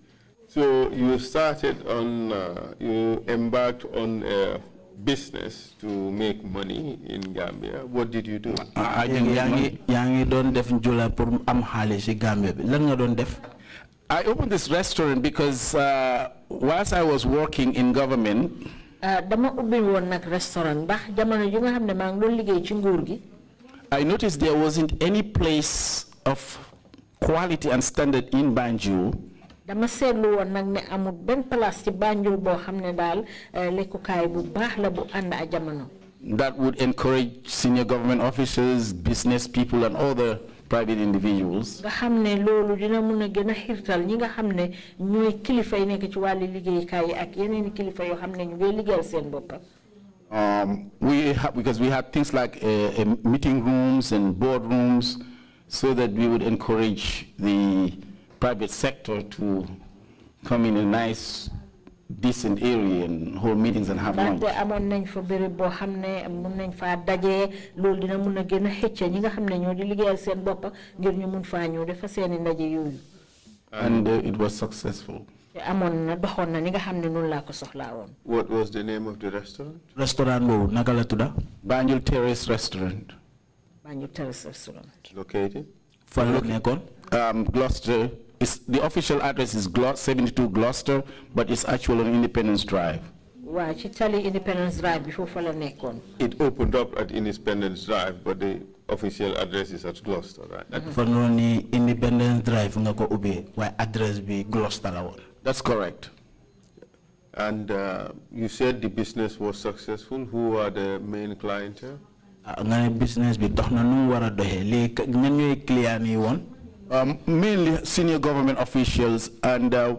So you started on, uh, you embarked on a business to make money in Gambia. What did you do? I didn't. Yangi, yangi don def njula pour am xaalis Gambia. Lan nga don def? I opened this restaurant because uh, whilst I was working in government, uh, I noticed there wasn't any place of quality and standard in Banjul. Uh, that would encourage senior government officers, business people, and other private individuals. nga kilifa kilifa Um, we have, because we had things like uh, uh, meeting rooms and boardrooms so that we would encourage the private sector to come in a nice decent area and hold meetings and have lunch. nañ fa nañ daje dina a gën ñi nga xam ñoo di liggéeyal seen bopp ngir ñu ndaje and uh, it was successful. na na ni nga ko what was the name of the restaurant. restaurant boobu naka la tudda. Banjul Terrace restaurant. Banjul Terrace restaurant. located. fan la um, Gloucester. It's, the official address is Glo 72 Gloucester, but it's actually on Independence Drive. Why? She tell you Independence Drive before follow Nekon. It opened up at Independence Drive, but the official address is at Gloucester, right? Mm-hmm. For -hmm. For Independence Drive, ngako ube, why address be Gloucester That's correct. And uh, you said the business was successful. Who are the main clientele? Uh, business be dohna nung wara dohe. Le, ngan e client ni one um, mainly senior government officials and uh,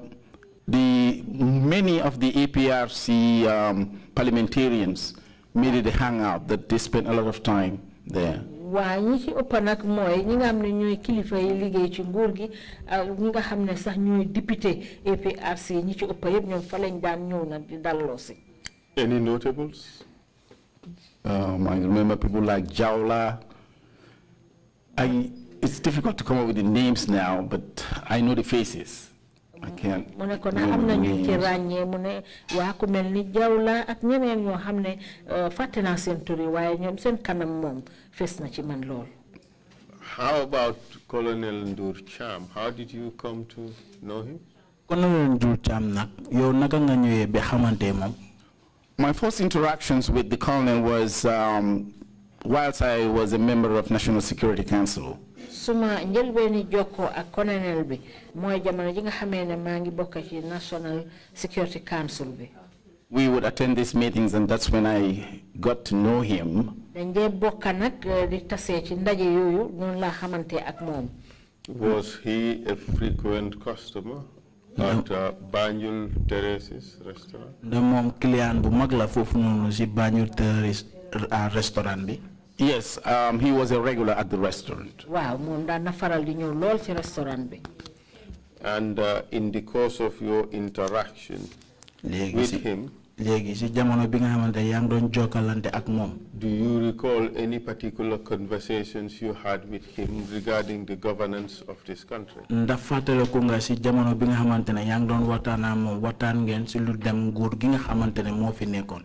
the many of the APRC um, parliamentarians made it a hangout that they spent a lot of time there. waaye ñi nga kilifa yi nga APRC ñi Any notables? Um, I remember people like Jaula. I it's difficult to come up with the names now, but I know the faces. I mm-hmm. can't. How about Colonel Ndur Cham? How did you come to know him? Colonel My first interactions with the colonel was um, whilst I was a member of National Security Council suma jamono nga ne ci National Security Council bi. we would attend these meetings and that's when I got to know him. Eh, Was he a frequent customer at uh, Banjul Terraces restaurant? No, mom client bu mag fofu nonu ci Terraces uh, restaurant bi. Yes, um, he was a regular at the restaurant. Wow, na faral restaurant And uh, in the course of your interaction with him, si jamono do you recall any particular conversations you had with him regarding the governance of this country. ndax fàttaliku si jamono bi nga xamante ne yaa ngi doon waxtaan ak moom waxtaan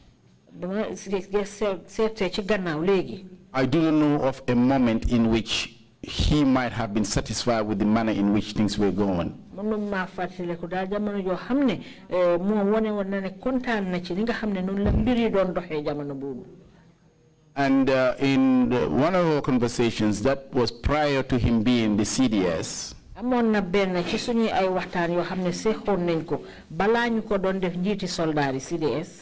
I do not know of a moment in which he might have been satisfied with the manner in which things were going. And uh, in the, one of our conversations, that was prior to him being the CDS. amoon na benn ko CDS.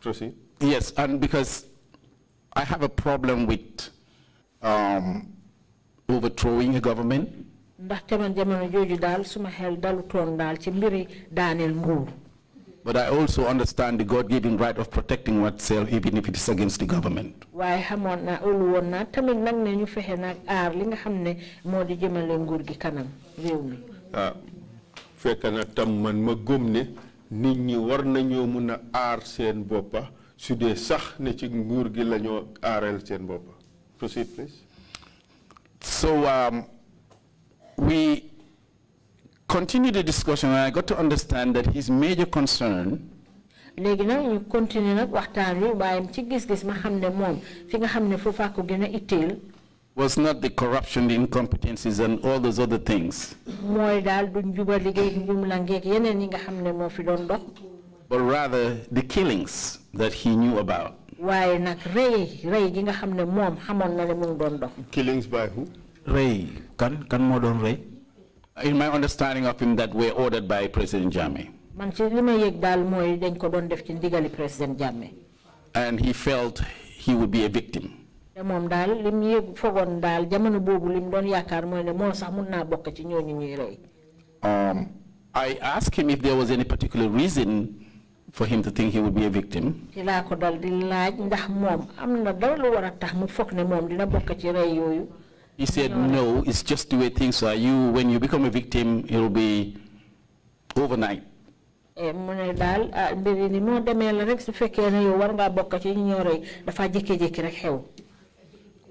Proceed. Yes, and because I have a problem with um, overthrowing a government. But I also understand the God-given right of protecting oneself even if it is against the government. Uh, nit ñi war nañoo a aar seen boppa su dee sax ne ci nguur gi lañoo seen boppa proceed please so um, we continue the discussion and I got to understand that his major concern nag ñu nag waxtaan wi waaye ci gis-gis ma xam ne moom fi nga xam ne ko gën a itteel was not the corruption, the incompetencies, and all those other things. But rather the killings that he knew about. Killings by who? Ray. Can can modern ray? In my understanding of him, that were ordered by President Jammeh. President Jammeh. And he felt he would be a victim lim yëg jamono lim ne sax mun ci ñooñu ñuy rey. Um, I asked him if there was any particular reason for him to think he would be a victim. ko dal di laaj ndax lu tax mu ne dina ci rey He said no, it's just the way things are. You, when you become a victim, it will be overnight. mu ne ah, mbir ni demee la rek su fekkee ne yow war ngaa bokk ci ñoo rey dafa jekki rek xew.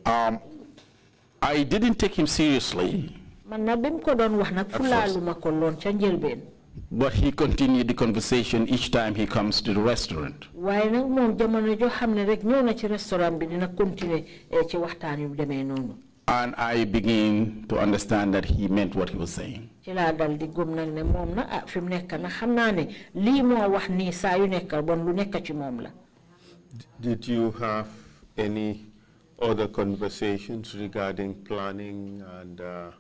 Um, I didn't take him seriously. but he continued the conversation each time he comes to the restaurant. Eh, and I begin to understand that he meant what he was saying. Ah, Did you have any other conversations regarding planning and uh,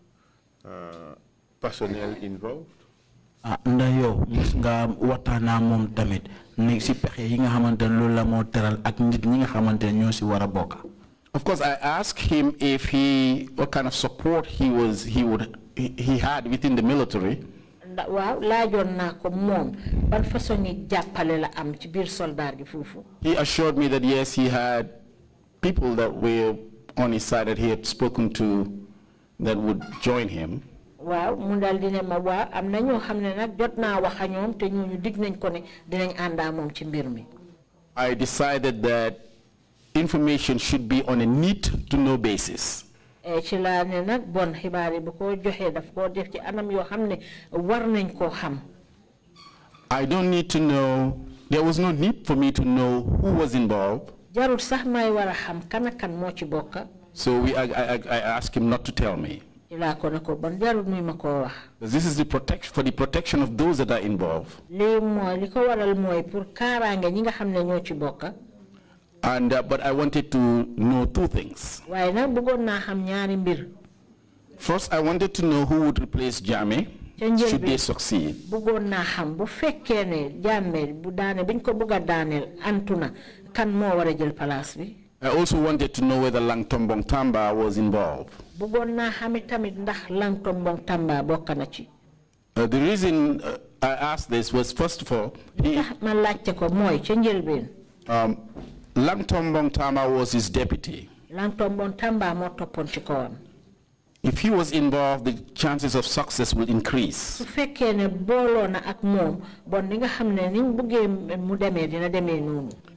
uh, personnel involved? Ah, ndayo, ndax yow gis nga waxtaanaa moom tamit ne si pexe yi nga xamante ne loolu la moo teral ak nit ñi nga xamante si war Of course, I asked him if he what kind of support he was he would he had within the military. waaw laajoon naa ko moom ban façon ni jàppale la am He assured me that yes, he had people that were on his side that he had spoken to that would join him. waaw mu di ne ma am na ñoo xam ne nag jot naa wax a ñoom te ñooñu dig nañ ko ne dinañ àndaa moom ci mbir mi. I decided that information should be on a need to know basis. Eh, ci laa ne nag bon xibaar yi bu ko joxee daf koo def ci anam yoo xam ne war nañ xam. I don't need to know there was no need for me to know who was involved jarul sax may xam kan ci bokk. so we I, I, I ask him not to tell me. ko jarul muy wax. this is the protection for the protection of those that are involved. li ko waral pour ñi nga ci bokk. and uh, but I wanted to know two things. xam ñaari mbir. First, I wanted to know who would replace Jame should they succeed. I also wanted to know whether Lang Bong Tamba was involved. Uh, the reason uh, I asked this was first of all, um, Lang um, Tamba was his deputy. If he was involved, the chances of success will increase.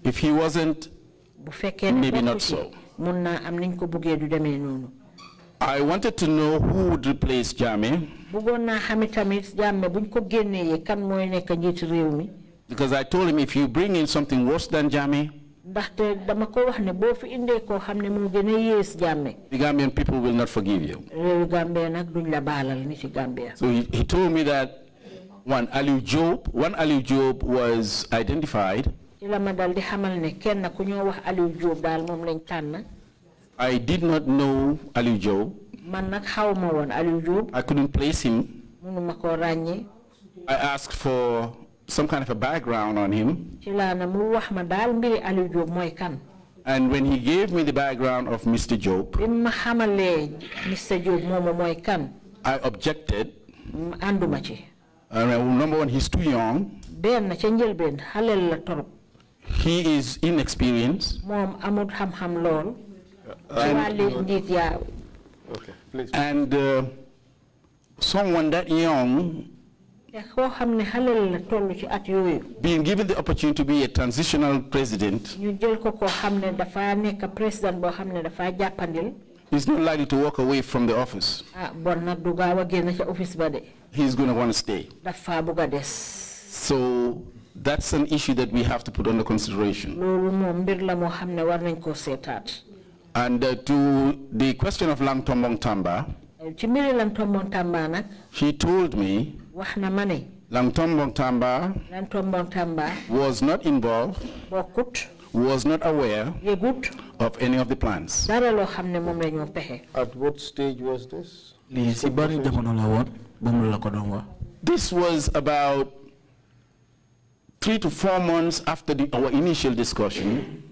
If he wasn't, maybe not so. I wanted to know who would replace Jame. Because I told him if you bring in something worse than Jame, the Gambian people will not forgive you. So he, he told me that one Aliu Job, one Aliu Job was identified. I did not know Aliou Diop. ma I couldn't place him. I asked for some kind of a background on him. And when he gave me the background of Mr. Job, Mr. Job I objected. And number one, he's too young he is inexperienced. moom amul xam-xam lool. ci wàllu njiit okay please. and uh, someone that young. being given the opportunity to be a transitional president. ne président ne He's not likely to walk away from the office. Ah, He's going to want to stay. So that's an issue that we have to put under consideration. And uh, to the question of Lang Tombong Tamba, eh, she told me Lang Tombong Tamba was not involved, was not aware of any of the plans. At what stage was this? This was about three to four months after the, our initial discussion,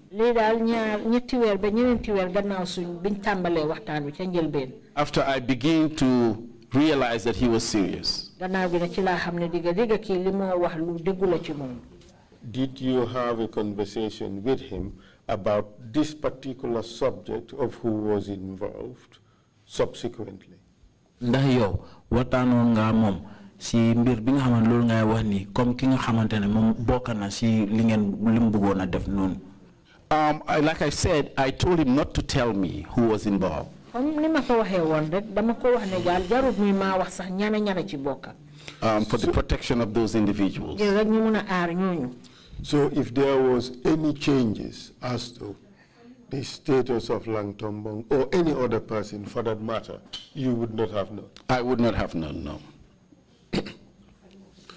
after I began to realize that he was serious. Did you have a conversation with him about this particular subject of who was involved subsequently? si mbir bi nga ngay wax ni comme ki nga na si li ngeen def Um, I, like I said, I told him not to tell me who was involved. Um, for the protection of those individuals. So if there was any changes as to the status of Lang Tombong or any other person for that matter, you would not have known? I would not have known, no. [COUGHS]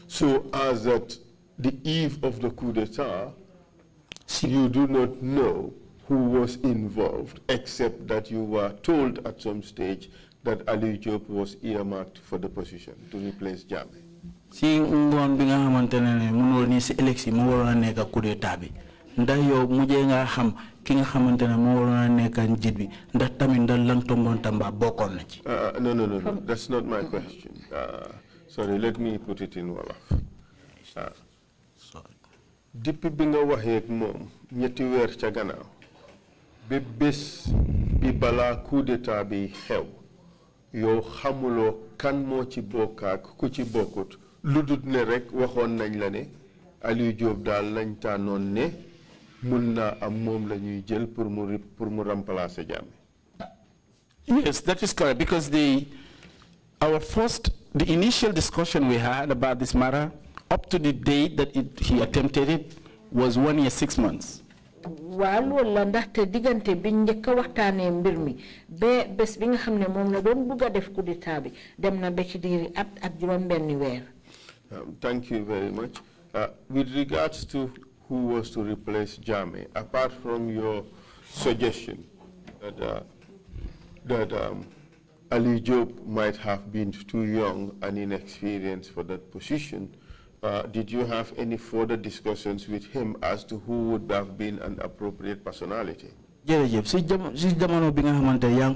so as at the eve of the coup d'etat, si. you do not know who was involved, except that you were told at some stage that Ali Job was earmarked for the position to replace Jammeh. si ngoon bi nga xamante ne ne mënoo ni si élection moo waroon a coup d'état bi ndax yow mujjee nga xam ki nga xamante ne moo waroon a nekk njiit bi ndax tamit ndax lan tomboon tamba bokkoon na ci. non ah, ah, non non that's not my question. Ah. Sorry, let me put it in Wolof. ah. sorry. depuis binga nga mom ak moom ñetti weer ca gannaaw ba bés bi balaa coup d'état kan moo ci bokkaak ku ci bokkut lu dut ne rek waxoon nañ la ne Aliou Diop daal lañ tànnoon ne mun am moom la ñuy jël pour mu pour mu remplacer Jammeh. yes that is correct because the our first, the initial discussion we had about this matter, up to the date that it, he attempted it, was one year, six months. waaw loolu la ndaxte diggante biñ njëkk a waxtaanee mbir mi ba bés bi nga xam ne moom la doon um, thank you very much uh, with regards to who was to replace Jammeh apart from your suggestion that uh, that um, Ali Job might have been too young and inexperienced for that position. Uh, did you have any further discussions with him as to who would have been an appropriate personality? jërëjëf si si jamono bi nga xamante yaa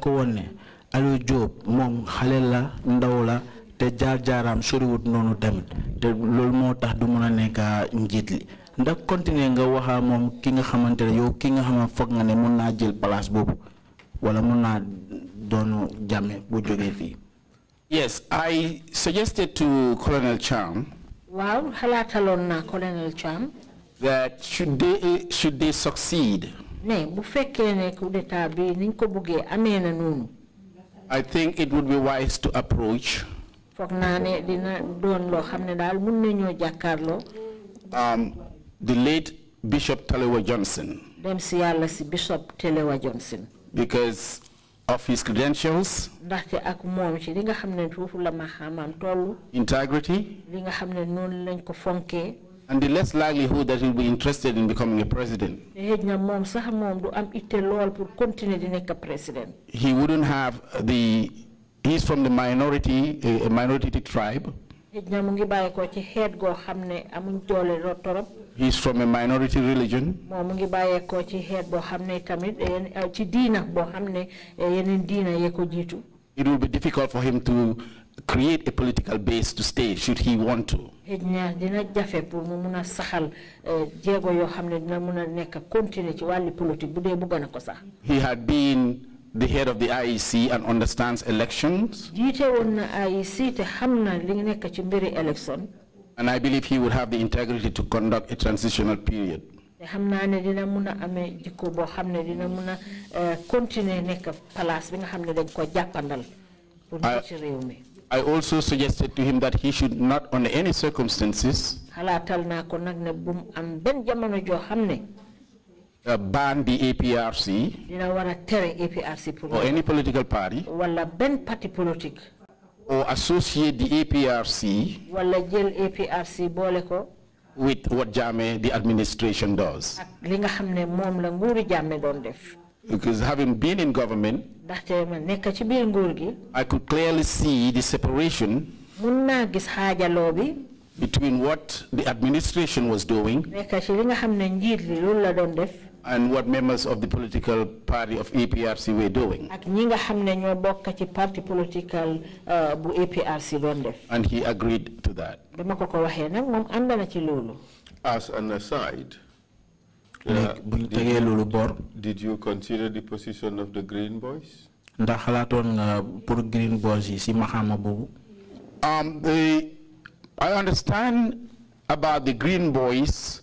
Ali Job, Mom, ne Ndaola, Diop moom xale la ndaw la te jaar-jaaraam soriwut noonu tamit te loolu moo du mën a nekk njiit continuer nga waxaa mom ki nga xamante ne yow ki nga xam foog nga ne mun jël place boobu wala mun naa Dono Jame Bujogefi. Yes, I suggested to Colonel Cham. Wow, halatalona Colonel Cham. That should they should they succeed? Ne, bufeke ne kudeta bi ninko buge amena nunu. I think it would be wise to approach. Fognane dina don lo hamne dal munne nyo jakarlo. Um, the late Bishop Telewa Johnson. Dem si Bishop Telewa Johnson. Because of his credentials, integrity, and the less likelihood that he'll be interested in becoming a president. He wouldn't have the, he's from the minority, a eh, minority tribe. He's from a minority religion. Eh, eh, eh, it will be difficult for him to create a political base to stay should he want to. He had been the head of the IEC and understands elections. And I believe he would have the integrity to conduct a transitional period. Eh, I, I also suggested to him that he should not under any circumstances uh, ban the APRC APRC or any political party or associate the APRC with what Jame the administration does because having been in government I could clearly see the separation between what the administration was doing and what members of the political party of APRC were doing. Euh, and he agreed to that. As an aside, uh, did, did you consider the position of the Green Boys? Um, the, I understand about the Green Boys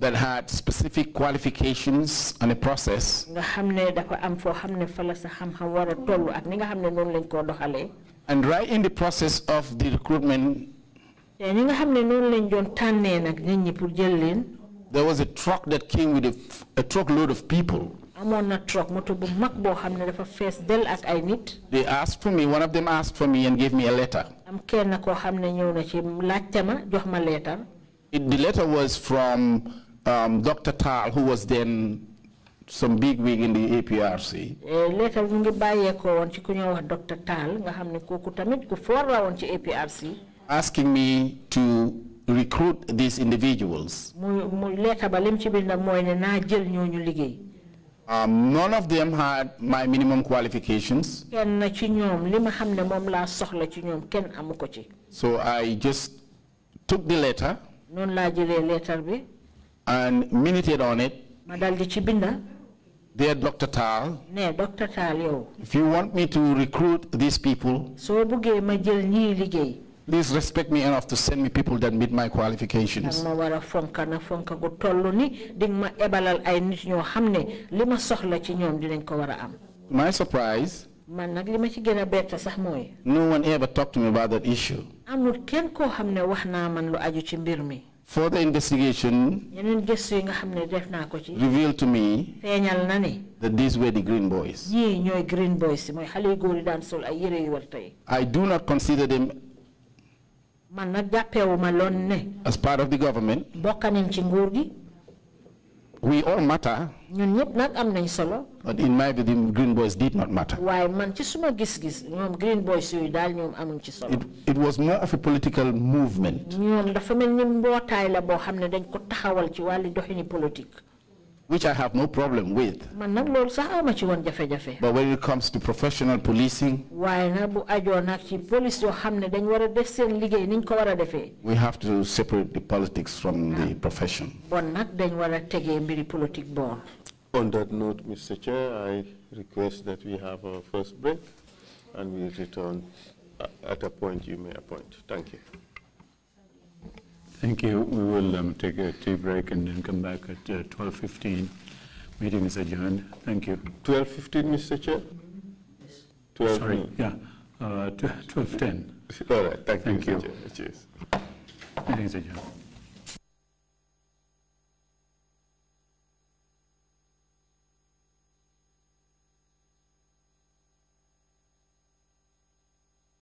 that had specific qualifications and a process. And right in the process of the recruitment, there was a truck that came with a, a truckload of people. They asked for me, one of them asked for me and gave me a letter. It, the letter was from um, Dr. Tal, who was then some big wig in the APRC. Eh, Later, we ngi bayeko won ci ku ñew Dr. Tal nga xamne koku tamit ku for la won APRC. Asking me to recruit these individuals. Um, none of them had my minimum qualifications. So I just took the letter and minuted on it. Ma daldi ci binda. Dear Dr. Tal, ne, Dr. Tal yow. if you want me to recruit these people, so buge ma jël ñii liggéey. Please respect me enough to send me people that meet my qualifications. ma war na fonka gu toll ni ma ebalal ay nit ñoo xam ne li ma am. My surprise. man nag li ma ci gën a No one ever talked to me about that issue. amul kenn koo xam ne man lu aju ci mbir for the investigation revealed to me that these were the green boys. I do not consider them as part of the government we all matter. ñun am nañ solo. but in my view green boys did not matter. Why man gis-gis green boys it was more of a political movement which I have no problem with. But when it comes to professional policing, we have to separate the politics from the profession. On that note, Mr. Chair, I request that we have our first break and we return at a point you may appoint. Thank you. Thank you. We will um, take a tea break and then come back at 12.15. Uh, Meeting is adjourned. Thank you. 12.15, Mr. Chair? 12. Sorry, yeah. 12.10. Uh, All right. Thank, Thank you, you. Meeting is adjourned.